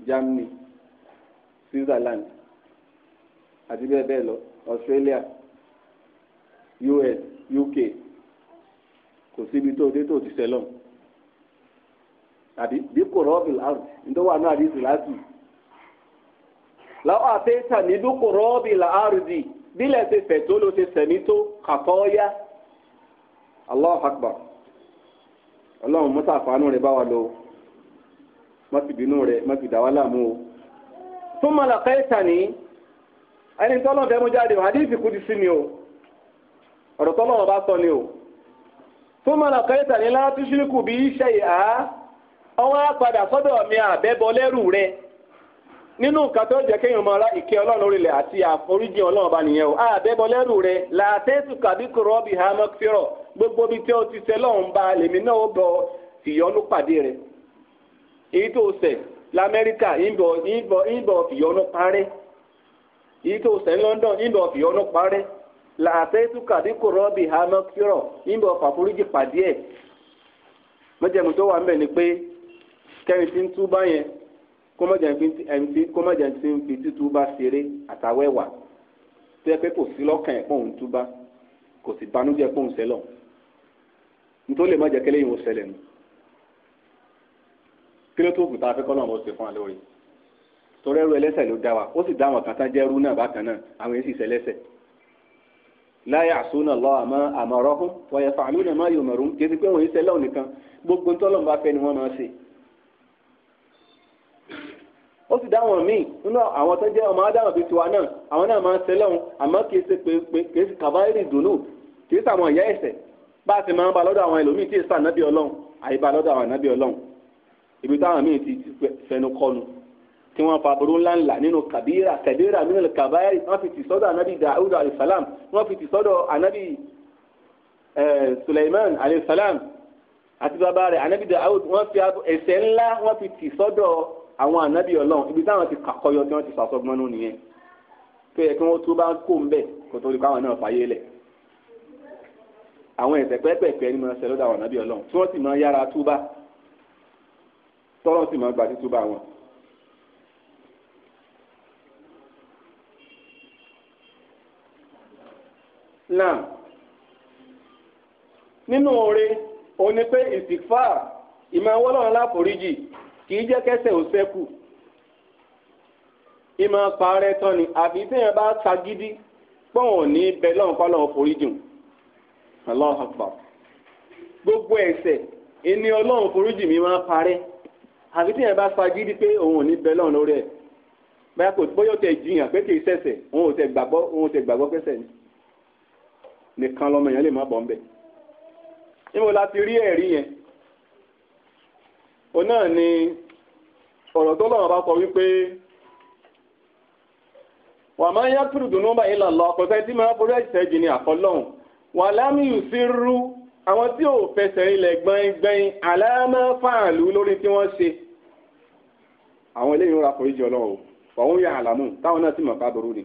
Speaker 1: germany switzerland àti bẹ́ẹ̀ bẹ́ẹ̀ lọ australia. US UK kò síbi tó dé tó ti sẹlọ àbí bí kò rọ́ọ̀bì láàrú nítorí wà náà àdìsí láti láwọn àtẹ́tà ní bí kò rọ́ọ̀bì láàrú di bílẹ̀ ṣe fẹ̀ tó ló ṣe sẹ̀mí tó kàtọ́ yá Allahu Akbar ọlọ́run mọ́tà àfààní rẹ̀ bá wa lọ má fi bínú rẹ̀ má fi dà wá láàmú o tó mọ̀ làkẹ́tà ní ẹni tọ́lọ́ fẹ́ mú jáde wọ́n àdìsí kú ti sí mi o. ọ̀rọ̀ ọba sọ ni o fún mọ̀nà kẹta ní láti ṣíríkù bí iṣẹ́ ìhà ọwọ́ padà sọ́dọ̀ mi àbẹ́bọ lẹ́rù rẹ nínú nǹkan tó jẹ́ kéèyàn máa ra ìkẹ́ ọlọ́run orílẹ̀ àti àforíjì ọlọ́run ọba nìyẹn o àbẹ́bọ lẹ́rù rẹ làtẹ́sù kàbí fírọ̀ gbogbo ibi tí ó ti lọ́hùn lèmi náà ó bọ pàdé rẹ èyí tó lamẹ́ríkà ìbọ̀ ìbọ̀ ìbọ̀ làtẹ́tù kàdíkù rọ́ọ̀bì hamọ́ kírọ̀ níbẹ̀ ọ̀fà foríjì pàdé ẹ̀ mọ́jẹ̀mú tó wà ń bẹ̀ ni pé kẹ́ni tí ń túbá yẹn kó mọ́jẹ̀ tí ń fi títúbá ṣeré àtàwẹ́wà tó yẹ pé kò sí lọ́kàn ẹ̀ pọ́n túbá kò sì banújẹ́ pọ́n sẹ́lọ̀ nítorí lè mọ́jẹ̀ kẹ́lẹ́ yìí ó ṣẹlẹ̀ nù kí tó kù tá a ṣe fún wa lórí torí ẹrú ẹlẹ́ṣẹ̀ ló dá wa ó sì dá àwọn kan jẹ́rú náà bákan náà àwọn èyí sì ṣẹlẹ́ṣẹ̀ láyé àsúná lọ àmọ́ àmọ̀rọ́hún wọ̀nyẹ fàánù náà máa yọ mọ̀rún kí ẹ ti pé wọ́n yìí sẹ́lẹ̀ nìkan gbogbo ntọ́lọ́n bá fẹ́ ni wọ́n máa ṣe. ó sì dáwọn míì nínú àwọn tó jẹ́ ọmọ adáhùn bíi tiwa náà àwọn náà máa ń sẹ́lẹ̀ àmọ́ kì ṣe pé pé kì ṣe kàbáyérì dùnú kì í ṣàwọn ìyá ẹ̀sẹ̀ bá a ti máa ń lọ́dọ̀ àwọn ẹlòmíì tí ì tí wọ́n fa aburú ńlá ńlá nínú kabira kabira nínú kabayari wọ́n fi ti sọ́dọ̀ anabi daoud alayisalaam wọ́n fi ti sọ́dọ̀ anabi suleiman alayisalaam àti bàbá rẹ̀ anabi daoud wọ́n fi ẹ̀ṣẹ̀ ńlá wọ́n fi ti sọ́dọ̀ àwọn anabi ọlọ́run ibi táwọn ti kàkọyọ tí wọ́n ti sàṣọgbọ́n nù nìyẹn tó yẹ kí wọ́n tó bá kó ń bẹ̀ kó tó káwọn náà fàyè lẹ̀ àwọn ẹ̀ṣẹ̀ pẹ́ẹ́pẹ́ẹ́pẹ́ ni mo ṣe lọ́dọ̀ àwọn anabi ọlọ́run tí wọ́n sì máa yára túbà tọ́rọ̀ sì máa gbà títúbà wọn. náà nínú oore òun ni pé ìsìfà ìmọ̀ ọwọ́lọ́run láforíjì kì í jẹ́ kẹsẹ̀ ò sẹ́kù ìmọ̀ parẹ́ tán ni àbí téèyàn bá ṣagídí pọ̀n ní bẹ́ẹ̀ lọ́run kọ́ lọ́run foríjì Allahu Akbar gbogbo ẹ̀ṣẹ̀ ẹni ọlọ́run foríjì mi máa parẹ́ àbí téèyàn bá ṣagídí pé òun ò ní bẹ́ẹ̀ lọ́run lórí ẹ̀ bóyá kò bóyá ó tẹ̀ jiyàn pé kì í ṣẹ̀ṣẹ̀ òun ò tẹ̀ gbàgbọ́ òun ò tẹ̀ gbàgbọ́ pẹ́sẹ̀ ni nìkan lọ́mọ yẹn lè má bọ̀ ń bẹ̀ níbo la ti rí ẹ̀rí yẹn òun náà ni ọ̀rọ̀ tó lọ́wọ́ bá sọ wípé wà máa ń yá kúrò dùnú bá ilà lọ ọ̀pọ̀sẹ́ tí máa borí ẹ̀sẹ̀ jìnnì àkọlọ́hùn wà lámìyù sí rú àwọn tí ò fẹsẹ̀ rinlẹ̀ gbẹ̀ngbẹ̀ng àlámà fàálù lórí tí wọ́n ṣe àwọn eléyìí ń ra foríjì ọlọ́run fọwọ́n yà àlámù táwọn náà sì mọ̀ ká ború ni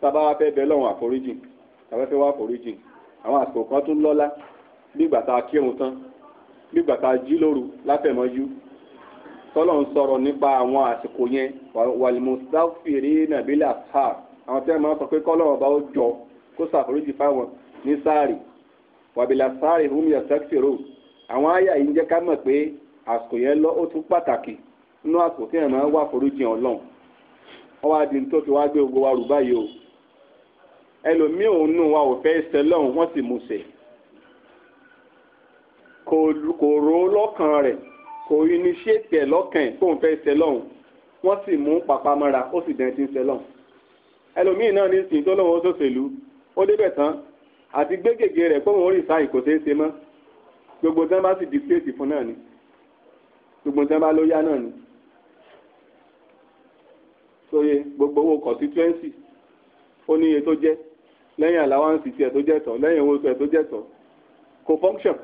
Speaker 1: tábà wá fẹ́ bẹ lọ́hùn àforíjì afẹ́fẹ́ wà foríjìn àwọn àsìkò kan tún lọ́lá nígbà tá a kírun tán nígbà tá a jí lóru látẹ̀mọ́jú tọ́lọ̀ ń sọ̀rọ̀ nípa àwọn àsìkò yẹn wàlìmùsáfìrí nàbílà sáà àwọn tí wọ́n máa ń sọ pé kọ́lọ́wọ́ bá ó jọ kó ṣàforíjì fáwọn ní sáàrì wàbílà sáàrì hum yastaghfiru àwọn àyà yìí ń jẹ́ ká mọ̀ pé àsìkò yẹn lọ ó tún pàtàkì nínú àsìkò tí wọ́n máa wà foríjì ọlọ́run wọ́n wá di tó fi wá gbé gbogbo wa rù báyìí o ẹlòmíì òun nù wa ò fẹ́ sẹlọ́hún wọ́n sì mú ṣe kò ro lọ́kàn rẹ̀ kò initiate ẹ̀ lọ́kàn ẹ̀ tóun fẹ́ sẹlọ́hún wọ́n sì mú pàpamọ́ra ó sì dẹ̀ ti ń sẹlọ́hún ẹlòmíì náà ní sìn tó lọ́wọ́ sòṣèlú ó débẹ̀ tán àti gbégègé rẹ̀ pé òun rí sáì kò ṣeé ṣe mọ́ gbogbo tí wọ́n bá sì dictate fún náà ni gbogbo tí wọ́n bá ló yá náà ni sóye gbogbo owó constituency ó ní iye tó jẹ́ lẹ́yìn àláwáǹsì tiẹ̀ tó jẹ́ tán lẹ́yìn owó tiẹ̀ tó jẹ́ tán kò function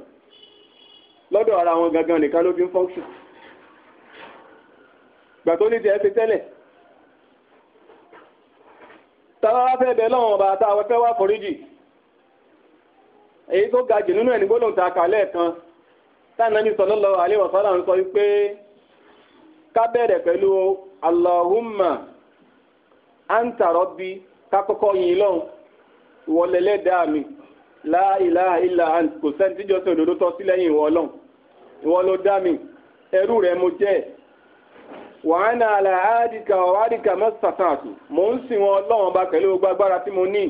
Speaker 1: lọ́dọ̀ ara wọn gangan nìkan ló fi ń function gbà tó ní tiẹ̀ ṣe tẹ́lẹ̀ táwa wá fẹ́ bẹ lọ́wọ́n ọba táwa fẹ́ wá foríjì èyí tó ga jù nínú ẹ̀ ní gbólóhùn ta kàlẹ́ kan táànàbí sallallahu alaihi wasallam ń sọ wípé ká bẹ̀rẹ̀ pẹ̀lú Allahumma anta rabbi ká kọ́kọ́ yin lọ́hùn. ìwọlẹ́lẹ́ dáa mi la ilaha illa ant kò sẹ́ni tí jọ́sìn òdodo tọ́ sí lẹ́yìn ló dá mi ẹrú rẹ mo jẹ́ wa àlà ala àádìkà ọ̀rọ̀ àádìkà mọ́sàtàtù mò ń sìn wọn ọlọ́run ọba pẹ̀lú gbogbo agbára tí mo ní.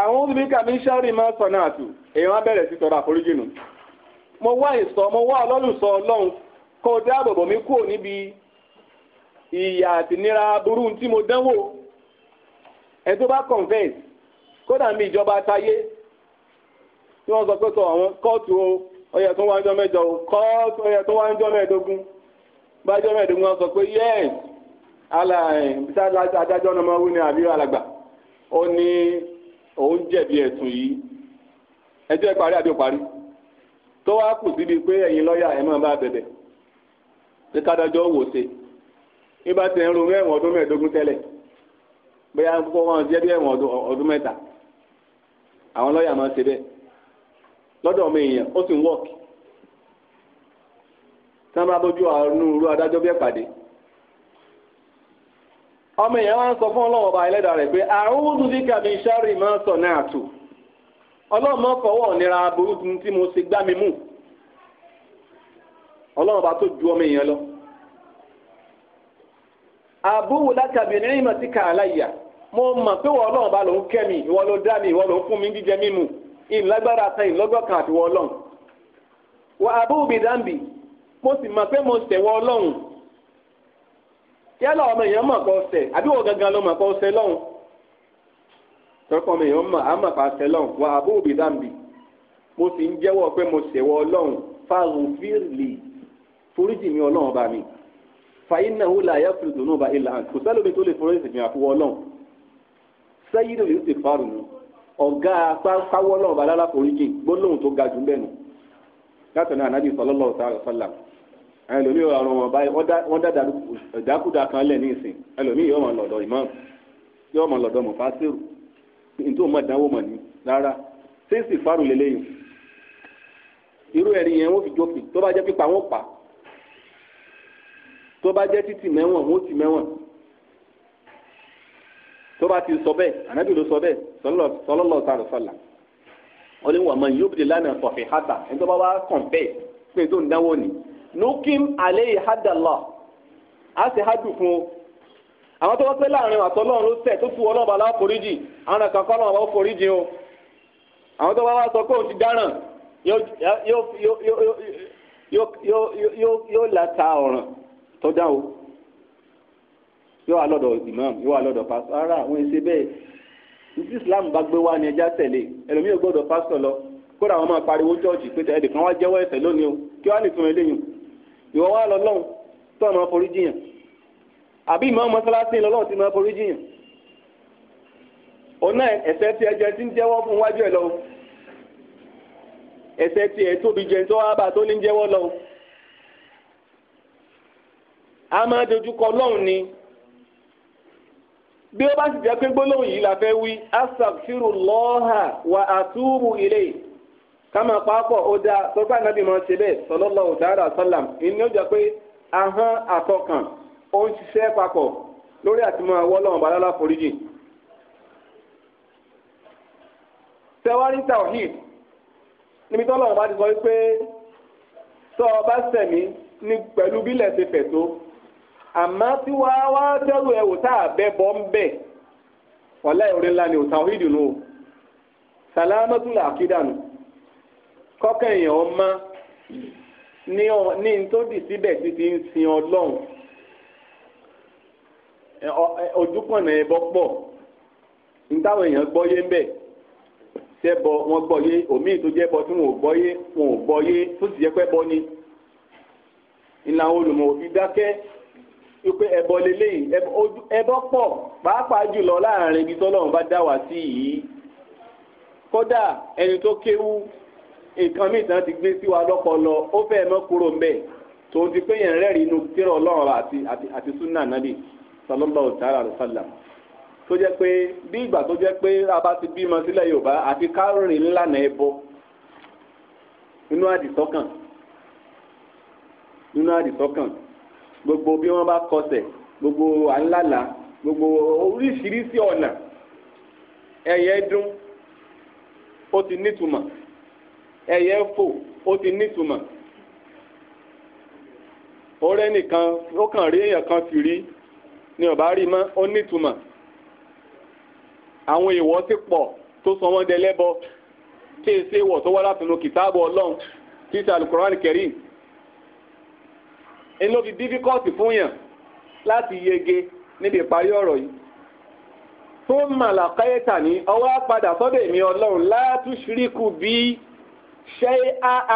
Speaker 1: àwọn olùbíkà mi ń ṣáàrì máa sọ̀nà àtù èèyàn á bẹ̀rẹ̀ sí tọrọ àforíjì nù. mo wá ìsọ mo wá ọlọ́lùsọ ọlọ́run kó o dáàbò bò mí kúrò níbi ìyà burú tí mo dánwò ẹ tó bá confess kódà mi ìjọba táyé tí wọn sọ pé tó àwọn kóòtù o ọyẹ tó wá ń jọ mẹ́jọ o kóòtù ọyẹ tó wá ń ọ mẹ́ẹ̀ẹ́dógún bá sọ pé yẹ́ẹ̀ ala adájọ́ ọ̀nà máa wú ni àbí alàgbà ó ní òun jẹ̀bi ẹ̀sùn yìí ẹjọ́ ẹ̀ parí àbí parí tó wá kù síbi pé ẹ̀yin lọ́ọ̀yà máa bá bẹ̀bẹ̀ ní wò ṣe ń ọdún bóyá àwọn lọ́ọ̀yà máa ń ṣe bẹ́ẹ̀ lọ́dọ̀ ọmọ èèyàn ó sì ń wọ́ọ̀kì tí wọ́n bá bójú pàdé ọmọ èèyàn wá sọ fún ọlọ́wọ́ ọba ẹlẹ́dàá rẹ̀ pé àrùn ti kàmí sáré máa ń sọ fọwọ́ nira tí mo ṣe gbá mi mú ọlọ́run bá tó ju ọmọ èèyàn lọ lákàbí ní ìmọ̀ tí mo mọ̀ pé wọ́n ọlọ́run bá ló ń kẹ́ mi ìwọ ló dá mi ìwọ ló ń fún mi jíjẹ mímu ìlágbára ta ìlọ́gbọ̀kan àti wọ́n ọlọ́run. wà á bóbi dáǹbì mo sì mọ̀ pé mo ṣẹ̀ wọ́n ọlọ́run. yálà ọmọ èèyàn mọ̀ kọ́ ṣẹ̀ àbí wọ́n gangan ló mọ̀ kọ́ ṣẹ̀ lọ́hùn. tọ́kọ ọmọ èèyàn mọ̀ á kọ́ ṣẹ̀ lọ́hùn wà á bóbi dáǹbì mo sì ń jẹ́wọ́ pé mo ṣẹ̀ wọ́ ọlọ́run fáwọn sẹ́yìn lòyún ti fa rùn ọ̀gá káwọ́ lọ́wọ́ balala foríjì gbólóhùn tó ga jù bẹ́ẹ̀ nù látọ̀nà ànábì sallallahu ta'ala sallam ẹlòmíì ọ̀rọ̀ wọn báyìí wọ́n dá dákúdà kan lẹ̀ ní ìsìn ẹlòmíì yóò mọ̀ lọ́dọ̀ imam yóò mọ̀ lọ́dọ̀ mufasiru nítorí mọ̀ dánwò mọ̀ ní rárá sísì fárò lélẹ́yìn irú ẹ̀rí yẹn wọ́n fi jófin tó bá jẹ́ pípa wọ́n pa tó bá jẹ́ títì mẹ́wọ̀n wọ́n ti mẹ́wọ̀n tó bá ti sọ bẹ́ẹ̀ ànábì ló sọ bẹ́ẹ̀ sọlọ́lọ́ sàrò sọ̀là wọ́n ní wà mọ̀ yóò bìí lánàá sọ̀fì hàtà ẹni tó bá wá kàn bẹ́ẹ̀ pé tó ń dánwó ni nukim alẹ́ hadala a sì hádùn fún o àwọn tó bá pẹ́ láàrin àtọ́lọ́run ló tẹ̀ tó tu ọlọ́ọ̀bà láforíjì àwọn kan kọ́ lọ́wọ́ foríjì o àwọn tó bá wá sọ pé òun ti dáràn yóò yóò yóò yóò yóò yóò láta ọ̀ràn tó dá o yóò wà lọ́dọ̀ imam yóò wà lọ́dọ̀ pastor ara àwọn ẹsẹ bẹ́ẹ̀ ní islam bá gbé wá ní ẹja tẹ̀lé ẹlòmíì ò gbọ́dọ̀ pastor lọ kódà wọn máa pariwo chọọchì pé ẹnì kan wá jẹ́wọ́ ẹ̀ṣẹ̀ lónìí o kí wàá nìtún eléyìn ìwọ wá lọ lọ́hùn tó ọmọ forí jiyàn àbí imam mọ́sálásí lọ́lọ́hùn ti máa forí jiyàn ọ̀nà ẹ̀ṣẹ̀ tí ẹjẹ ti ń jẹ́wọ́ fún wájú ẹ̀ lọ ẹ̀ṣẹ̀ tí ẹ̀ tóbi jẹ tó wá bá tó ní jẹ́wọ́ lọ a máa dojúkọ lọ́hùn ni bí ó bá sì jẹ́ pé gbólóhùn yìí la fẹ́ wí astaghfirullaha wa atubu ilayhi kámá pàápọ̀ ó dáa sọ́kà nàbì máa ṣe bẹ́ẹ̀ sallallahu ta'ala sallam ìní ó jẹ́ pé ahọ́n àtọkàn ó ń ṣiṣẹ́ papọ̀ lórí àtìmọ́ àwọlọ́wọ́n balálà foríjì. tẹwárí tawhid níbi tọ́lọ́wọ́n bá ti sọ pé tọ́ ọ bá sẹ̀mí ní pẹ̀lú bílẹ̀ ṣe fẹ̀ tó àmọ́ tí wàá wá dẹ́rù ẹ̀wò tá a bẹ́ bọ́ ń bẹ̀ wàlá ìrìn ńlá ni ò tàwíìdì nù o sàlámẹ́tùlà àkídà nù kọ́kẹ́ èèyàn ọmọ ní ní tó dì síbẹ̀ tí ti ń sin ọlọ́run ojúkọ̀nà ẹbọ pọ̀ nítawọ̀ èèyàn gbọ́yé ńbẹ̀ sẹ́bọ wọn gbọ́yé òmíì tó jẹ́ bọ tí wọn ò gbọ́yé wọn ò gbọ́yé tó sì jẹ́ pẹ́ bọ́ ni ìlànà olùmọ̀ òfin dákẹ́ wípé ẹbọ lélẹ́yìn ẹbọ pọ̀ pàápàá jùlọ láàrin ibi tọ́lọ́run bá dá wá sí yìí kódà ẹni tó kéwú nǹkan ti gbé sí wa lọ́pọlọ ó fẹ́ mọ́ kúrò ńbẹ̀ ti pé yẹn rẹ́rìí inú tírà ọlọ́run àti àti súnà nàbì sallallahu ta'ala alaihi wasallam tó jẹ́ pé bí ìgbà tó jẹ́ pé a bá ti bímọ sílẹ̀ yorùbá àti ẹbọ gbogbo bí wọ́n bá kọsẹ̀ gbogbo àńlálà gbogbo oríṣiríṣi ọ̀nà ẹ̀yẹ dún ó ti nítumọ̀ ẹ̀yẹ fò ó ti nítumọ̀ ọ̀rẹ́ nìkan ó kàn rí èèyàn kan fìrí ni ọ̀bá rí mọ́ ó nítumọ̀ àwọn èèwọ̀ ti pọ̀ tó sọ wọ́n dẹlẹ́bọ tí èsè ìwọ̀ tó wá látinú kìtáàbù ọlọ́run títí alukoran kẹrin ẹni ló fi dífíkọ́ọ̀tì fún yàn láti yege níbi ìparí ọ̀rọ̀ yìí tó màlàkáyétà ní ọwọ́ padà sọ́dọ̀ èmi ọlọ́run látúṣiríkù bí ṣé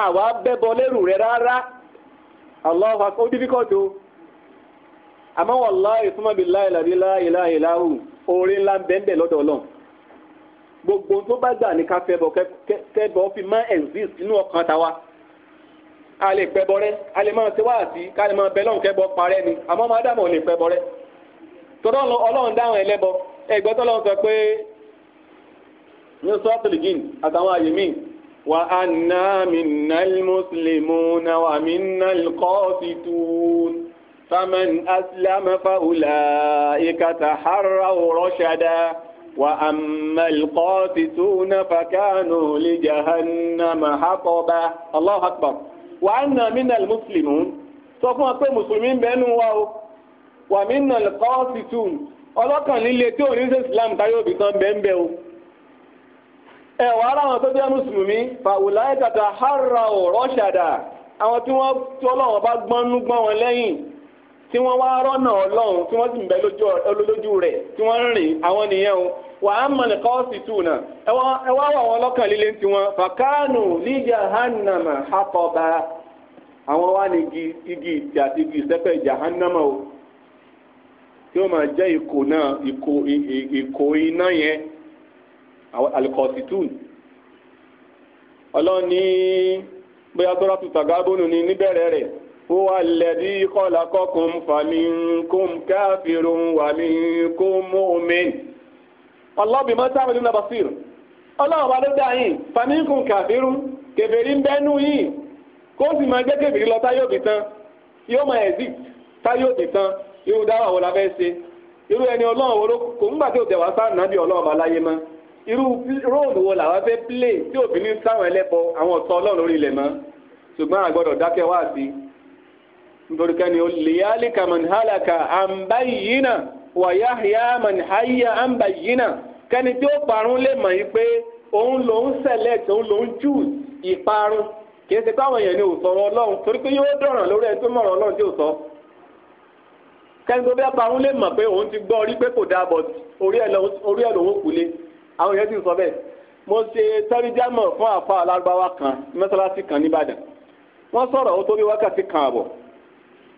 Speaker 1: àwa bẹ́bọ lérù rẹ rárá aláwa ó dífíkọ́ọ̀tì o àmọ́ wàláhì súnmọ́ bíi láìláì láìláì láhù orin ńlá ń bẹ́ẹ̀ lọ́dọ̀ ọlọ́run gbogbo tó bá gbà ní ká fẹ́ bọ́ fẹ́ bọ́ fi má exist nínú ọkàn tàwa a lè pẹ́ bọ́rẹ́ a lè máa ṣe wáàsí ká lè máa bẹ lọ́hùn kẹ́bọ parẹ́ ni àmọ́ ọmọ ádámù lè pẹ́ bọ́rẹ́ tọ́lá ọlọ́run dáhùn ẹlẹ́bọ ẹgbẹ́ tọ́lá sọ pé ní sọ́ọ̀tìlì àtàwọn àyè míì wà á nà minna al-muslimuna wà minna al-qasitun faman aslama fa ulaika taharraw rashada. وأما القاسطون فكانوا لجهنم حطبا الله أكبر wa anna minal muslimun sọ fún wa pé mùsùlùmí ń bẹ́ẹ̀ nù wa o wa minnal qasitun ọlọ́kàn líle tí òní ṣe islam táyé òbí kan bẹ́ẹ̀ bẹ́ẹ̀ o ẹ wà á ráwọn tó jẹ́ mùsùlùmí fàwùlà ẹ̀ tàtà hàrà ò rọ́ṣàdà àwọn tí wọ́n tí ọlọ́wọ́n bá gbọ́n nú gbọ́n wọn lẹ́yìn tí wọ́n wá rọ́nà ọlọ́run tí wọ́n sì ń bẹ lójú rẹ̀ tí wọ́n ń rìn àwọn nìyẹn o wà á mọ̀ tù ẹ wá wà wọn lọ́kàn ní igi ìtì àti igi ìsẹ́pẹ̀ o tí ó máa jẹ́ ìkó náà ìkó iná yẹn alikọsitun ọlọ́ni bóyá tó rà tù ni níbẹ̀rẹ̀ rẹ̀. هو الذي خلقكم فمنكم كافر ومنكم مؤمن الله بما تعملون بصير الله بعد داعين فمنكم كافر lọ táyọ̀ bì tán yóò máa ẹ̀zì táyọ̀ irú ẹni ọlọ́run wo ló kò ń gbà tí ò ọlọ́run bá láyé mọ́ irú róòlù wo fẹ́ tí òbí ní sáwọn ẹlẹ́bọ àwọn ọ̀tọ́ ọlọ́run lórí ilẹ̀ mọ́ ṣùgbọ́n àgbọ̀dọ̀ dákẹ́ wá sí i nítorí kan ní o liyalika man halaka an bayyina wa yahya man hayya an bayyina kẹ́ni tí ó parun lè mọ̀ yí pé òun lòún select òun lòún choose ìparun kì í ṣe pé àwọn èèyàn ni ò sọ̀rọ̀ ọlọ́run torí pé yóò dọ̀ràn lórí ẹni tó mọ̀rọ̀ ọlọ́run tí ò sọ kẹ́ni tó bí aparun lè mọ̀ pé òun ti gbọ́ orí pé kò dáa bọ̀ orí ẹ̀ lòun kù lé àwọn èèyàn ti sọ bẹ́ẹ̀ mo ṣe tẹ́rìjámọ̀ fún àfa alárúbáwá kan mẹ́sàlásì kan nìbàdàn wọ́n sọ̀rọ̀ ó tó bí wákàtí kan àbọ̀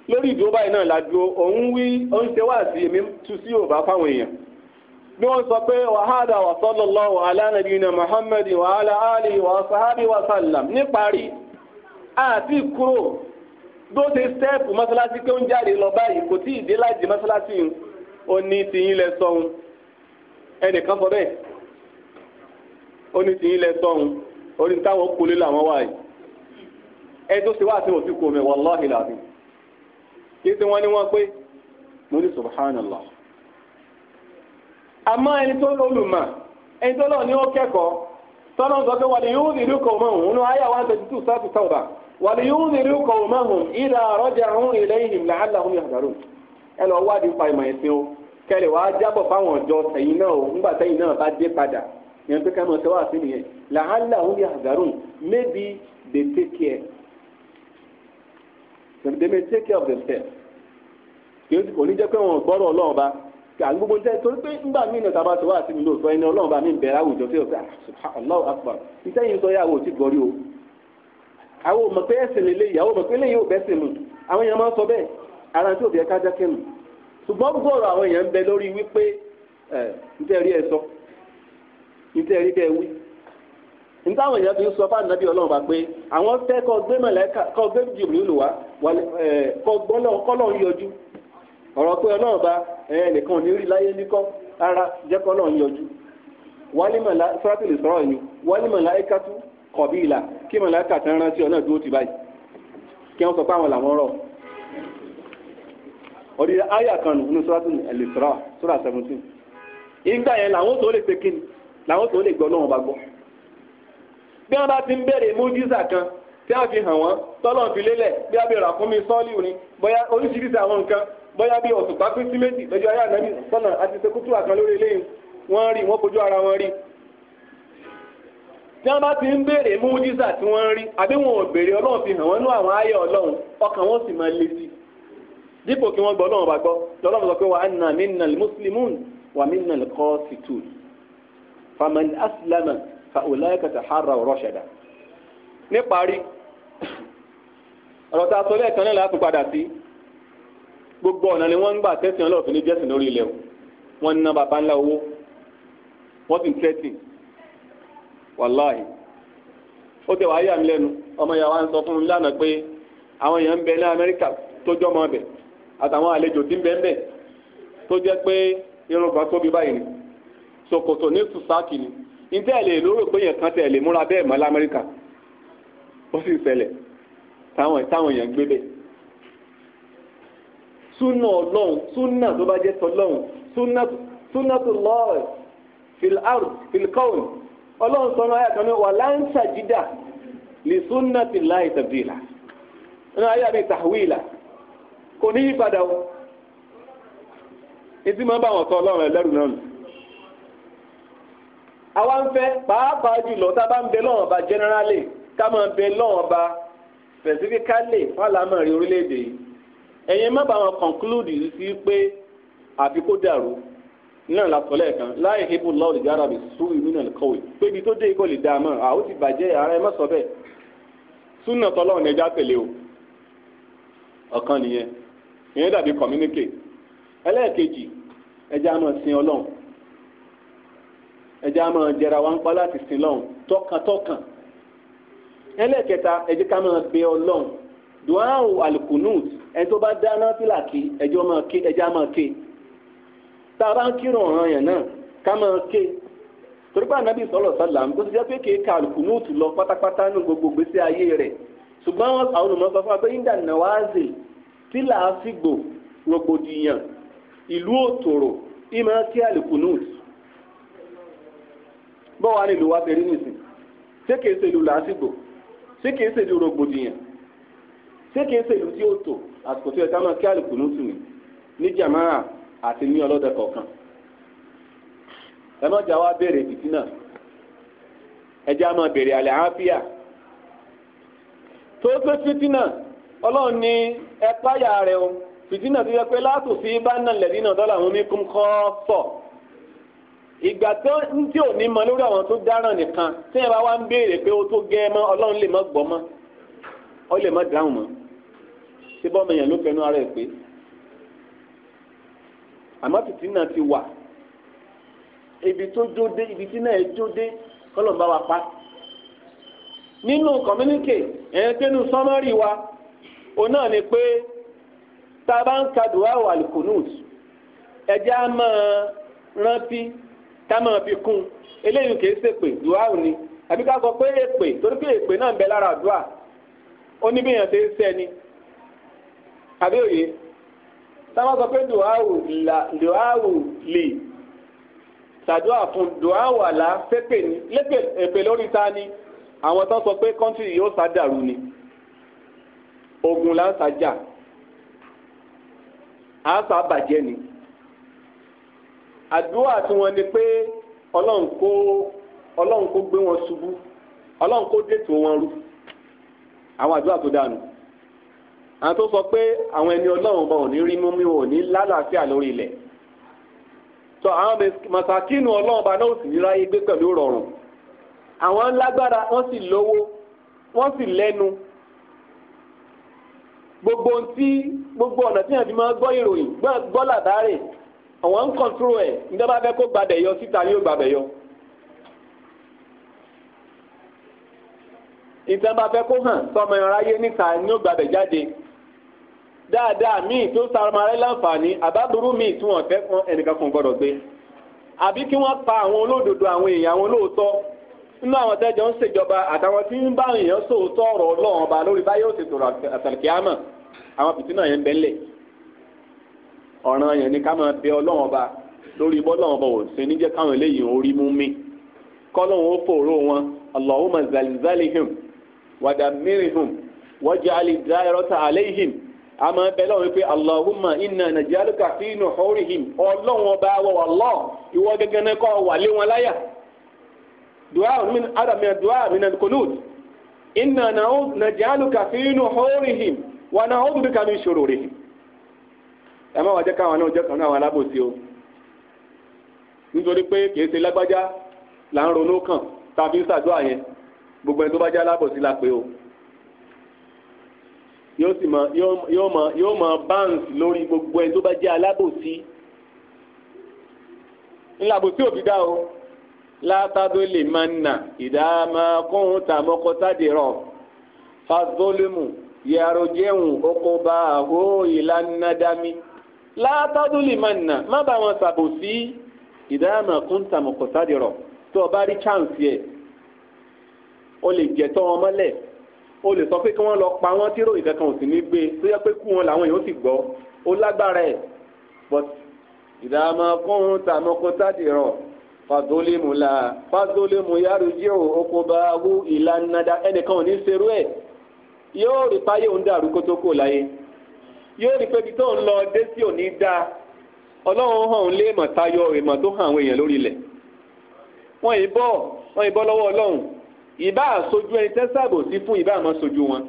Speaker 1: lórí ìdúró báyìí náà la dúró òun wí òun ṣe wá sí èmi tu sí yorùbá fáwọn èèyàn bí wọ́n sọ pé wàhálà wa sallallahu ala nabiyina muhammad wa ala alihi wa sahabi wa sallam níparí àti kúrò bó ṣe stẹ́ẹ̀pù mọ́ṣáláṣí pé ó ń jáde lọ báyìí kò tí ì dé láti mọ́ṣáláṣí yìí ó ní tìyín lẹ sọ́hun ẹnìkan sọ bẹ́ẹ̀ ó ní tìyín lẹ sọ́hun orí táwọn kólé làwọn wáyé ẹ tó ṣe wá sí òsì kò mẹ́ wàláhì làbí. kí tí wọ́n ní pé mo ní subhanallah àmọ́ ẹni tó lólùmọ̀ ẹni tó lọ ní ó kẹ́kọ̀ọ́ tọ́lọ́ sọ pé wàlẹ̀ yóò nílùú kọ̀ mọ́ òun nínú àyà one wàlẹ̀ yóò nílùú kọ̀ òun ìlà àrọ́jà òun ilẹ̀ ẹ lọ o kẹlẹ̀ wàá jábọ̀ fáwọn sẹ́yìn náà o ńgbà sẹ́yìn náà bá dé padà yẹn pé nìyẹn they may take care of themselves kò ní jẹ́ pé wọn gbọ́rọ̀ ọlọ́run bá àwọn gbogbo jẹ́ torí pé ńgbà míì náà tábà sọ wá sí mi lóòótọ́ ẹni ọlọ́run bá mi bẹ̀rẹ̀ àwùjọ tí o sọ Allahu akbar iṣẹ́ yìí ń sọ yà wò ó ti gbọ́rí o àwọn ò mọ̀ pé ẹ̀sìn lélẹ́yìí àwọn ò mọ̀ pé lẹ́yìn ò bẹ́sìn mu àwọn èèyàn máa ń sọ bẹ́ẹ̀ ara tí òbí ẹ̀ka jákè nù ṣùgbọ́n gbọ́rọ̀ àwọn èèyàn ń bẹ lórí wípé ẹ̀ ń tẹ́ rí ẹ sọ ń tẹ́ bẹ́ẹ̀ wí nítawọn èèyàn fi ń sọ fáwọn nàbí ọlọ́run bá pé àwọn fẹ́ kọ́ gbé mọ̀lẹ́kà kọ́ gbé jìbìrìlù wá kọ́ gbọ́lọ́ kọ́lọ́run yọjú ọ̀rọ̀ pé ọlọ́run bá ẹnìkan ní rí láyé níkọ́ ara jẹ́ kọ́lọ́run yọjú wálímọ̀lá sọ́rọ́tìlì sọ̀rọ̀ ni wálímọ̀lá ẹ̀kátú kọ̀bí ìlà kí mọ̀lẹ́kà tán rántí ọ̀nà dúró ti báyìí kí wọ́n sọ pé àwọn làwọn rọ̀ ọ̀rí ayà kan nù ní sọ́rọ́tìlì ẹ̀lẹ́sọ̀rọ̀ sọ́rọ̀ 17 ìgbà yẹn làwọn tó lè pe kíni làwọn tó lè gbọ́ ọlọ́run bá gbọ́ bí wọ́n bá ti ń kan tí a fi hàn wọn. tọlọ fi lélẹ̀ bí wọ́n bèrè àkúnmí sọ́ọ̀lì òní bóyá oríṣiríṣi àwọn nǹkan bóyá bí ọ̀sùnpá pín sí lọ́jọ́ ayé ànábì sọ́nà àti àkan lórí eléyìí wọ́n rí wọ́n ara wọn rí tí bá ti ń bèrè mújísà tí wọ́n rí àbí wọn ò bèrè fi hàn àwọn ayé ọlọrun ọkàn wọn sì máa le sí dípò kí bá sọ pé fàwùláyàkà tàhárà rọṣẹdà níparí ọ̀rọ̀ tá a sọ lẹ́ẹ̀kan náà láti padà sí gbogbo ọ̀nà ni wọ́n ń gbà tẹ́sán ọlọ́ọ̀fin ní jẹ́sìn lórí ilẹ̀ o wọ́n ń ná bàbá ńlá owó wọ́n sì ń tẹ́sìn wàláhì ó tẹ̀ wá yà mí lẹ́nu ọmọ yàrá ń sọ fún mi lánàá pé àwọn èèyàn ń bẹ ní Amẹ́ríkà tó jọmọ ọbẹ̀ àtàwọn àlejò tí ń bẹ ń bẹ tó jẹ́ pé irun kan tóbi báyìí ni ṣòkòtò ní sùsáàkì ni ìtẹ́ẹ̀lẹ̀ lóró pé yẹn kan tẹ̀lé múra bẹ́ẹ̀ mọ́ lamẹ́ríkà ó sì ṣẹlẹ̀ táwọn táwọn èèyàn gbé bẹ́ẹ̀. súnà ọlọ́run súnà tó bá jẹ́ tọlọ́run súnà tó lọ́ọ̀rẹ̀ fìlárù fìlkọ́ùn ọlọ́run sọ̀rọ̀ ayé àtọ́nú wà láǹṣà jídà lè súnà tì láì tàbílà nínú ayé àbí tàwílà kò ní yípadà o ètí máa bá wọn sọ ọlọ́run ẹlẹ́rù náà nù àwa ń fẹ́ pàápàá jùlọ tá a bá ń bẹ lọ́wọ́n ọba generally ká máa bẹ lọ́wọ́n ọba specifically fàlámọ̀rí orílẹ̀-èdè yìí ẹ̀yin má bàa wọn conclude yìí sí pé àfi kó dàrú náà lásán lẹ́ẹ̀kan láì hebu lọ́ọ̀dì jára bí sùn ìmúnà kọ̀wé pé ibi tó dé ikọ̀ lè dáa mọ́ àwọn ti bàjẹ́ ara ẹ má sọ bẹ́ẹ̀ súnà tọ́lọ́ ní ẹja tẹ̀lé o ọ̀kan nìyẹn ìyẹn dàbí communicate ẹlẹ́ẹ̀kejì ẹja máa sin ọlọ́run ẹjẹ́ a máa jẹra wa ń pa láti sin lọ́hùn tọkàntọkàn ẹlẹ́ẹ̀kẹta ẹjẹ́ ká máa bẹ ọlọ́hùn duwawu alukunut ẹni tó bá dáná fìlà kí ẹjẹ́ a máa ké ẹjẹ́ a máa ké tá a bá ń kírun ọ̀ràn yẹn náà ká máa ké torí pé ànábì sọlọ sálàm tó ti pé kéka alukunut lọ pátápátá ní gbogbo gbèsè ayé rẹ̀ ṣùgbọ́n àwọn olùmọ̀sọ fún wa pé inda nawazi fìlà àfìgbò rògbòdìyàn ìlú òtòrò ìmọ̀ kí bọ́wọ́ á nílùú wa ṣe rí nìsín ṣé kìí ṣe ìlú làásìgbò ṣé kìí ṣe ìlú rògbòdìyàn ṣé kìí ṣe ìlú tí ó tò àsìkò tó yẹ máa kí àlùkò ní tùmí ní jamaa àti ní ọlọ́dẹ kọ̀ọ̀kan ẹ má jà wá béèrè ẹ béèrè àlẹ́ àáfíà tó ọlọ́run ní ẹ rẹ o fìtínà tó yẹ pé látòsí bá nà lẹ́dínà dọ́là ìgbà tó ń tí ò ní mọ lórí àwọn tó dáràn nìkan tí ẹ bá wá ń béèrè pé ó tó gẹ́ mọ́ ọlọ́run lè mọ́ gbọ́ mọ́ ọ lè mọ́ dáhùn mọ́ ṣé bọ́ọ̀mù èèyàn ló fẹnu ara ẹ̀ pé àmọ́ títí náà ti wà ibi tó jó dé ibi tí náà jó dé kọ́lọ̀ ń bá wa pa nínú kọ̀míníkè ẹ̀yẹn tẹ́nu sọ́mọ́rì wa òun náà ni pé tá a bá ń ka dùwà wà lùkùnúùtù ẹ̀jẹ̀ á máa rántí ká máa fi kún eléyìí kìí ṣèpè dùá ò ní àbí ká sọ pé èpè torí pé èpè náà ń bẹ lára dùá ó ní bíyàn ṣe ń sẹ́ni àbí òye táwọn sọ pé dùá ò lè ṣàdúrà fún dùá ò àlá ṣépè ní lépè èpè lórí ta ni àwọn tó sọ pé kọ́ńtì yóò sá dàrú ni ogun là ń sá jà á sá ni àdúrà tí wọ́n ní pé ọlọ́run kó ọlọ́run kó gbé wọn ṣubú ọlọ́run kó dètò wọn rú àwọn àdúrà tó dànù àwọn tó sọ pé àwọn ẹni ọlọ́run bá wọn ní rí mú mi wọn ní lálàáfíà lórí ilẹ̀ tó àwọn màsàkínú ọlọ́run bá náà sì ní ráyé gbé pẹ̀lú rọrùn àwọn lágbára wọ́n sì lówó wọ́n sì lẹ́nu gbogbo ohun tí gbogbo ọ̀nà máa gbọ́ ìròyìn gbọ́ làdárè àwọn ń ẹ ẹ̀ nígbà fẹ́ kó yọ síta yóò gbàbẹ̀ yọ. ìtàn fẹ́ kó hàn sọmọ níta ni ó gbàbẹ̀ jáde dáadáa míì tó saramarẹ́ láǹfààní àbábúrú míì tí wọ́n fẹ́ fún ẹnìkan gbé àbí kí wọ́n pa àwọn olódodo àwọn èèyàn àwọn olóòótọ́ nínú àwọn ń àtàwọn tí ń bá èèyàn sòótọ́ ọba lórí báyọ̀ àtàlùkíámà àwọn yẹn ń bẹ́ńlẹ̀ ọ̀ràn yẹn ni ká máa bẹ ọlọ́wọ́n ba lórí bọ́lọ́wọ́n bọ̀ sí ní jẹ́ káwọn eléyìí orí mú mi kọ́lọ́wọ́n ó fòró wọn allahumma zalzalihim wadamirihum waj'al ad-da'irata alayhim a máa bẹ lọ́wọ́ pé allahumma inna najaluka fi nuhurihim ọlọ́wọ́n bá wọ Allah ìwọ gẹ́gẹ́ náà kọ́ wà lé wọn láyà dùá ẹ má wá jẹ́ káwọn náà jẹ́ kan náà àwọn alábòsí o nítorí pé kìí ṣe lágbájá là ń ronú kàn tàbí ń ṣàdúrà yẹn gbogbo ẹni tó bá jẹ́ alábòsí la pé o yóò sì mọ yóò mọ yóò mọ báǹsì lórí gbogbo ẹni tó bá jẹ́ alábòsí ńlábòsí òbí dá o látàdó lè máa nà ìdáàmà kóhun tàmọ́kọ́tàdérọ̀ fàzọ́lẹ́mù yàrá jẹun okòbá àhó ìlànà dámi látàdúlì máa nà má bá wọn ṣàbòsí ìdáhàmà kúńtà mọ̀kọ́sádìrọ̀ tó o bá rí chance yẹ o lè jẹ̀tọ́ wọn mọ́lẹ̀ o lè sọ pé kí wọ́n lọ pa wọ́n tí ròyìn kankan ò sì ní gbé tó yẹ pé kú wọn làwọn èèyàn sì gbọ́ ó lágbára ẹ̀ but ìdáhàmà kúńtà mọ̀kọ́sádìrọ̀ fàdólímù la fàdólímù ò oko bá wú ìlànà ẹnìkan ò ní serú ẹ yóò rí páyé òun dàrú kó láyé yóò rí pé ibi tó ń lọ dé sí òní dáa ọlọ́run hàn ń lé ìmọ̀ tayọ ìmọ̀ tó hàn àwọn èèyàn lórí ilẹ̀ wọ́n yìí bọ́ wọ́n yìí bọ́ lọ́wọ́ ọlọ́run ìbá àsojú ẹni tẹ́sàbò sí fún ìbá àmọ́ sojú wọn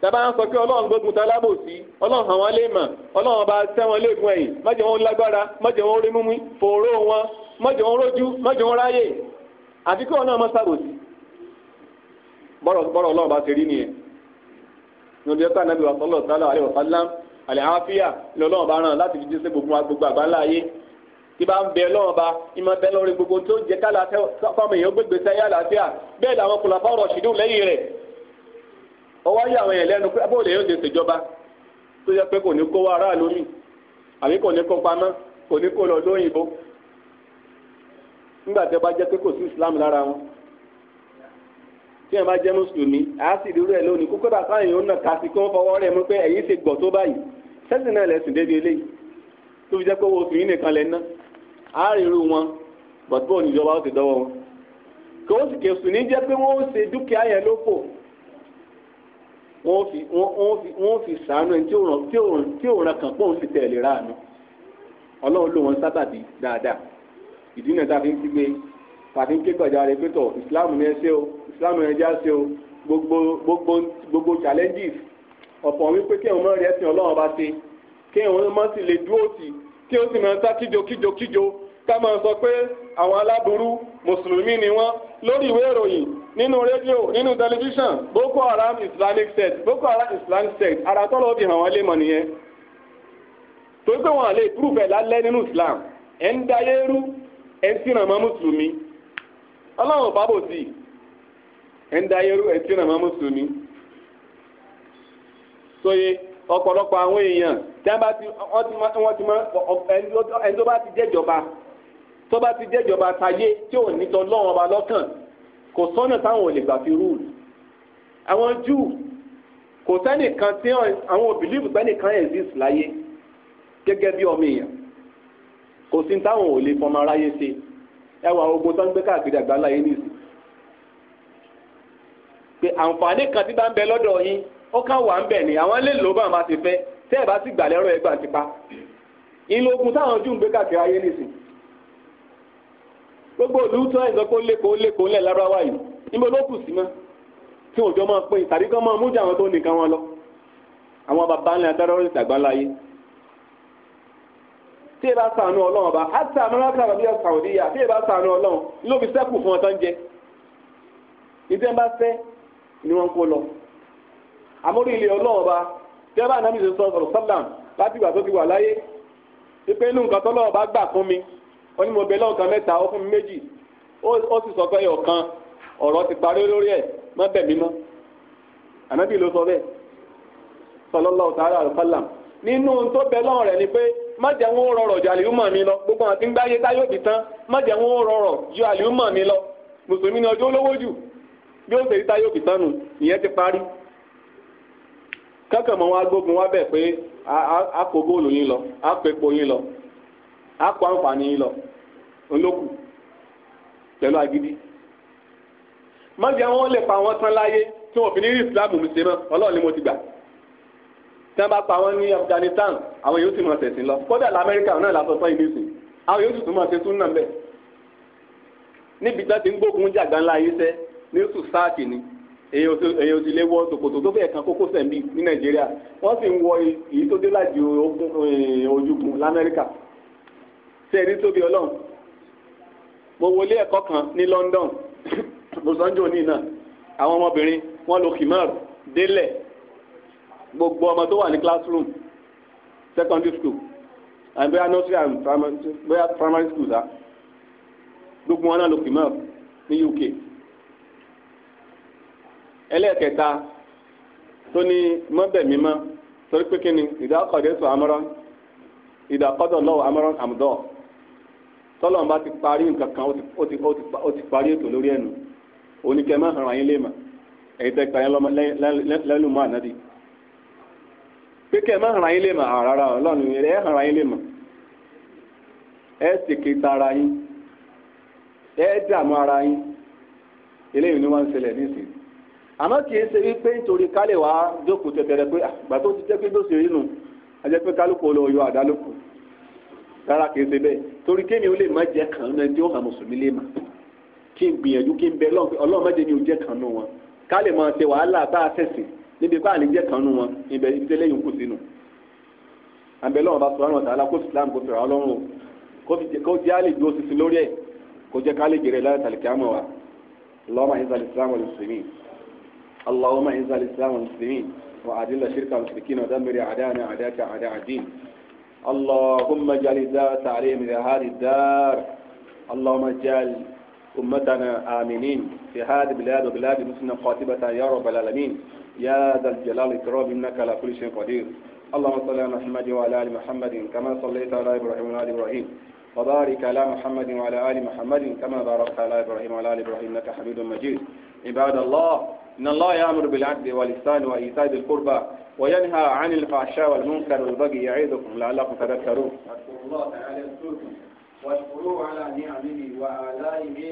Speaker 1: tàbá ń sọ pé ọlọ́run gbógun ta lábòsí ọlọ́run hàn wọ́n lé ìmọ̀ ọlọ́run bá tẹ́ wọn léegun ẹ̀yìn má wọn lágbára má wọn rí múmi fòró wọn má wọn rójú má wọn ráyè àfi kí wọn náà mọ sábòsí bọ́rọ̀ bọ́rọ̀ ọlọ́run bá ti rí nìyẹn níbi nàbí wàsálọ̀ sálà àlẹ́ wàsálàmù àlẹ́ àáfíà lọ́lọ́run bá ràn láti fi jí sí gbogbo gbogbo àgbáńlá ayé tí bá ń bẹ lọ́wọ́n ba ìmọ̀ bẹ lọ́rin gbogbo tó jẹ kálá fáwọn èèyàn gbégbé sẹ́yà àlàáfíà bẹ́ẹ̀ làwọn kùnà fáwọn ọ̀ṣìdùn lẹ́yìn rẹ̀ ọwọ́ yà àwọn èèyàn lẹ́nu pé bó lè yóò ṣe ṣèjọba tó yẹ pé kò ní kó wá aráàlú mi àbí kò ní kó pamọ́ kò ní kó lọ lóyìnbó nígbà tí ó bá jẹ́ pé kò sí Islam lára wọn tí wọn bá jẹ́ mùsùlùmí á sì dúró ẹ̀ lónìí kókó bàtà yìí ó nà kásì kí wọ́n fọwọ́ rẹ̀ mú pé ẹ̀yìn ṣe gbọ̀ tó báyìí sẹ́sìn náà lẹ́sìn débi eléyìí tó fi jẹ́ pé oṣù yìí nìkan lẹ́ ná á rí irú wọn bọ̀tú òní ìjọba ó ti dọ́wọ́ wọn. kò ó sì kèsù ní jẹ́ pé wọ́n ó ṣe dúkìá yẹn lófò wọ́n ó fi sàánú ẹni tí ò ràn kàn pọ́n sì tẹ̀lé ráàánú ọlọ́run ló wọn sábàbí dáadáa ìdí náà tá a fi ń kígbe tàbí kékọ̀já rẹ̀ pétọ̀ ìsìláàmù yẹn ṣe o ìsìláàmù yẹn já o gbogbo gbogbo gbogbo challenges ọ̀pọ̀ wípé kí èèyàn mọ́ rẹ̀ ẹ̀sìn ọlọ́run bá ṣe kí èèyàn mọ́ sì lè dúró tì kí ó sì máa sá kíjo kíjo kíjo ká máa sọ pé àwọn aláburú mùsùlùmí ni wọ́n lórí ìwé ìròyìn nínú rédíò nínú tẹlifíṣàn Boko Haram Islamic sect Boko Haram Islamic sect ara tọ́lọ́ ti hàn wọ́n lé mọ̀ nìyẹn torí pé wọn àlè ìdúrúfẹ̀ lálẹ́ nínú Islam ẹ̀ ń dayé rú ẹ̀ ń sìnà mọ́ mùsùlùmí ọlọ́run bábò sí ẹ̀ ń da ayẹrú ẹ̀ tí ìrànmọ́ mùsùlùmí sóye ọ̀pọ̀lọpọ̀ àwọn èèyàn tí wọ́n ti wọ́n ti mọ ẹni tó bá ti jẹ́jọba tó bá ti jẹ́jọba tayé tí ò ní tọ́ lọ́wọ́n ọba lọ́kàn kò sọ́nà táwọn ò lè gbà fi rúùlù àwọn júù kò sẹ́nìkan tí àwọn òbílíìfù sẹ́nìkan exist láyé gẹ́gẹ́ bí ọmọ èèyàn kò sí táwọn ò lè fọmọ aráyé ṣe ẹwà ogun tó ń gbé káàkiri àgbáńlá yìí nìyí pé àǹfààní kan tí bá ń bẹ lọ́dọ̀ yín ó kàn wà ń bẹ ni àwọn lè lò bá àwọn bá ti fẹ́ tẹ́ ẹ̀ bá sì gbà lẹ́rọ ẹgbàá ti pa ìlógun táwọn jù ń gbé káàkiri ayé nìyí gbogbo òlú tó ẹ̀ sọ pé ó lékòó lékòó ńlẹ̀ lárúbáwá yìí níbo ló kù sí mọ́ tí òjò máa pín tàbí kán máa mú jà àwọn tó nìkan wọn lọ àwọn baba ńlẹ̀ adárọ́rẹ́ ìtàgbáńlá yìí tí ẹ bá sànú ọlọ́run ọba àti amẹ́ríkà àbí sàwọ́díyà tí ẹ bá sànú ọlọ́run ló fi sẹ́kù fún ọtán jẹ ìtẹ́ bá fẹ́ ni wọ́n kó lọ àmórí ilé ọlọ́run ọba tí ẹ bá nàbí sọ sọ̀rọ̀ sálàm láti ìgbà tó ti wà láyé ìpè inú nǹkan tọ́lọ́run ọba gbà fún mi ó ní mo bẹ lọ́ọ̀kan mẹ́ta ó fún mi méjì ó sì sọ pé ọ̀kan ọ̀rọ̀ ti parí lórí ẹ̀ má bẹ̀ mí mọ́ ànábì ló sọ bẹ́ẹ̀ sọlọ́lọ́ ọ̀tá àlùfálàm nínú tó bẹ lọ́rùn rẹ̀ ni pé má jẹ́ wọn rọrọ̀ ju àlìhùmọ̀ mi lọ gbogbo àti ń gbáyé táyọ̀ bì tán má jẹ́ wọn rọrọ̀ ju àlìhùmọ̀ mi lọ mùsùlùmí ni ọjọ́ olówó jù bí ó ṣe rí táyọ̀ bì tán nù ìyẹn ti parí kankan mọ wọn agbógun wa bẹ̀ pé a kó góòlù yín lọ a kó epo yín lọ a kó àǹfààní yín lọ olókù pẹ̀lú agídí má jẹ́ wọn lè pa wọn tán láyé tí wọn fi ní rí ìsìlámù mi ṣe ni mo ti gbà tí wọ́n bá pa wọ́n ní Afghanistan àwọn yóò sì mọ̀ ṣẹ̀sìn lọ kódà lamẹ́ríkà náà la sọ sọ ìlú ìsìn àwọn yóò sì tún mọ̀ ṣe tún náà bẹ́ẹ̀ níbi tí wọ́n ti ń gbógun jàgbá ńlá ayé sẹ́ ní sùsáàkì ni èyí ò sì lè wọ ṣòkòtò tó fẹ́ kan kókó sẹ̀ ń bì ní Nàìjíríà wọ́n sì ń wọ èyí tó dé láti eh, ojúkun lamẹ́ríkà sẹ́ẹ̀rí tóbi ọlọ́run mo wọlé ẹ̀kọ́ kan ní London <coughs> mo sọ́njọ́ òní náà àwọn ọmọbìnrin wọ́n lo khimar délẹ̀ gbogbo ọmọ tó wà ní classroom secondary school àbí bóyá nursery and bóyá primary school sá gbogbo wọn náà ló kì mọ́ ní UK ẹlẹ́ẹ̀kẹta tó ní mọ́bẹ̀mí mọ́ torí pé kí ni ìdákọ̀dẹ́sọ amọ́rán ìdàkọ́dọ̀ lọ́wọ́ amọ́rán àmúdọ́ tọ́lọ́n bá ti parí nǹkan kan ó ti parí ètò lórí ẹ̀nu oníkẹ́ máa hàn ayé lè mà èyí tẹ́ pa yẹn lẹ́nu mọ́ ànádìí. pé má hàn ma, lè mọ̀ rárá ọlọ́run ẹ hàn yín lè ma. ẹ sì tara yín ẹ dààmú ara yín eléyìí ni wọ́n ń ṣẹlẹ̀ nísìnyí àmọ́ kì í ṣe wípé pé àgbà ah, tó ti jẹ́ pé ló ṣe nù ajẹ́ pé kálukú àdálùkù torí lè má jẹ́ kàn án mùsùlùmí lè mà kí n gbìyànjú kí n bẹ ọlọ́run mẹ́jẹ ni jẹ́ kàn án nù wọn kálẹ̀ máa a níbi ipá àníjẹ́ kan nù wọn ibẹ̀ ibi tẹ́lẹ̀ yìí kù sínú àbẹ̀lẹ́ ọba sọ̀rọ̀ àwọn tààlà kó Islam kó fẹ̀rẹ̀ ọlọ́run o kó jẹ́ àlè dúró sísun lórí ẹ̀ kó jẹ́ ká lè jèrè láti tàlìkì àmọ́ wa Allahumma izzal Islam wal muslimin Allahumma izzal Islam wal muslimin wa adilla shirka musrikin wa dammir a'dana a'daka a'da' ad-din اللهم اجعل الدار عليهم إلى هذه الدار اللهم اجعل أمتنا آمنين في هذه البلاد وبلاد مسلمين قاتبة يا رب العالمين يا ذا الجلال والإكرام إنك على كل شيء قدير اللهم صل على محمد وعلى آل محمد كما صليت على إبراهيم وعلى آل إبراهيم وبارك على محمد وعلى آل محمد كما باركت على إبراهيم وعلى آل إبراهيم إنك حميد مجيد عباد الله إن الله يأمر بالعدل والإحسان وإيتاء ذي القربى وينهى عن الفحشاء والمنكر والبغي يعظكم لعلكم تذكرون. اذكروا الله تعالى يذكركم واشكروه على نعمه وآلائه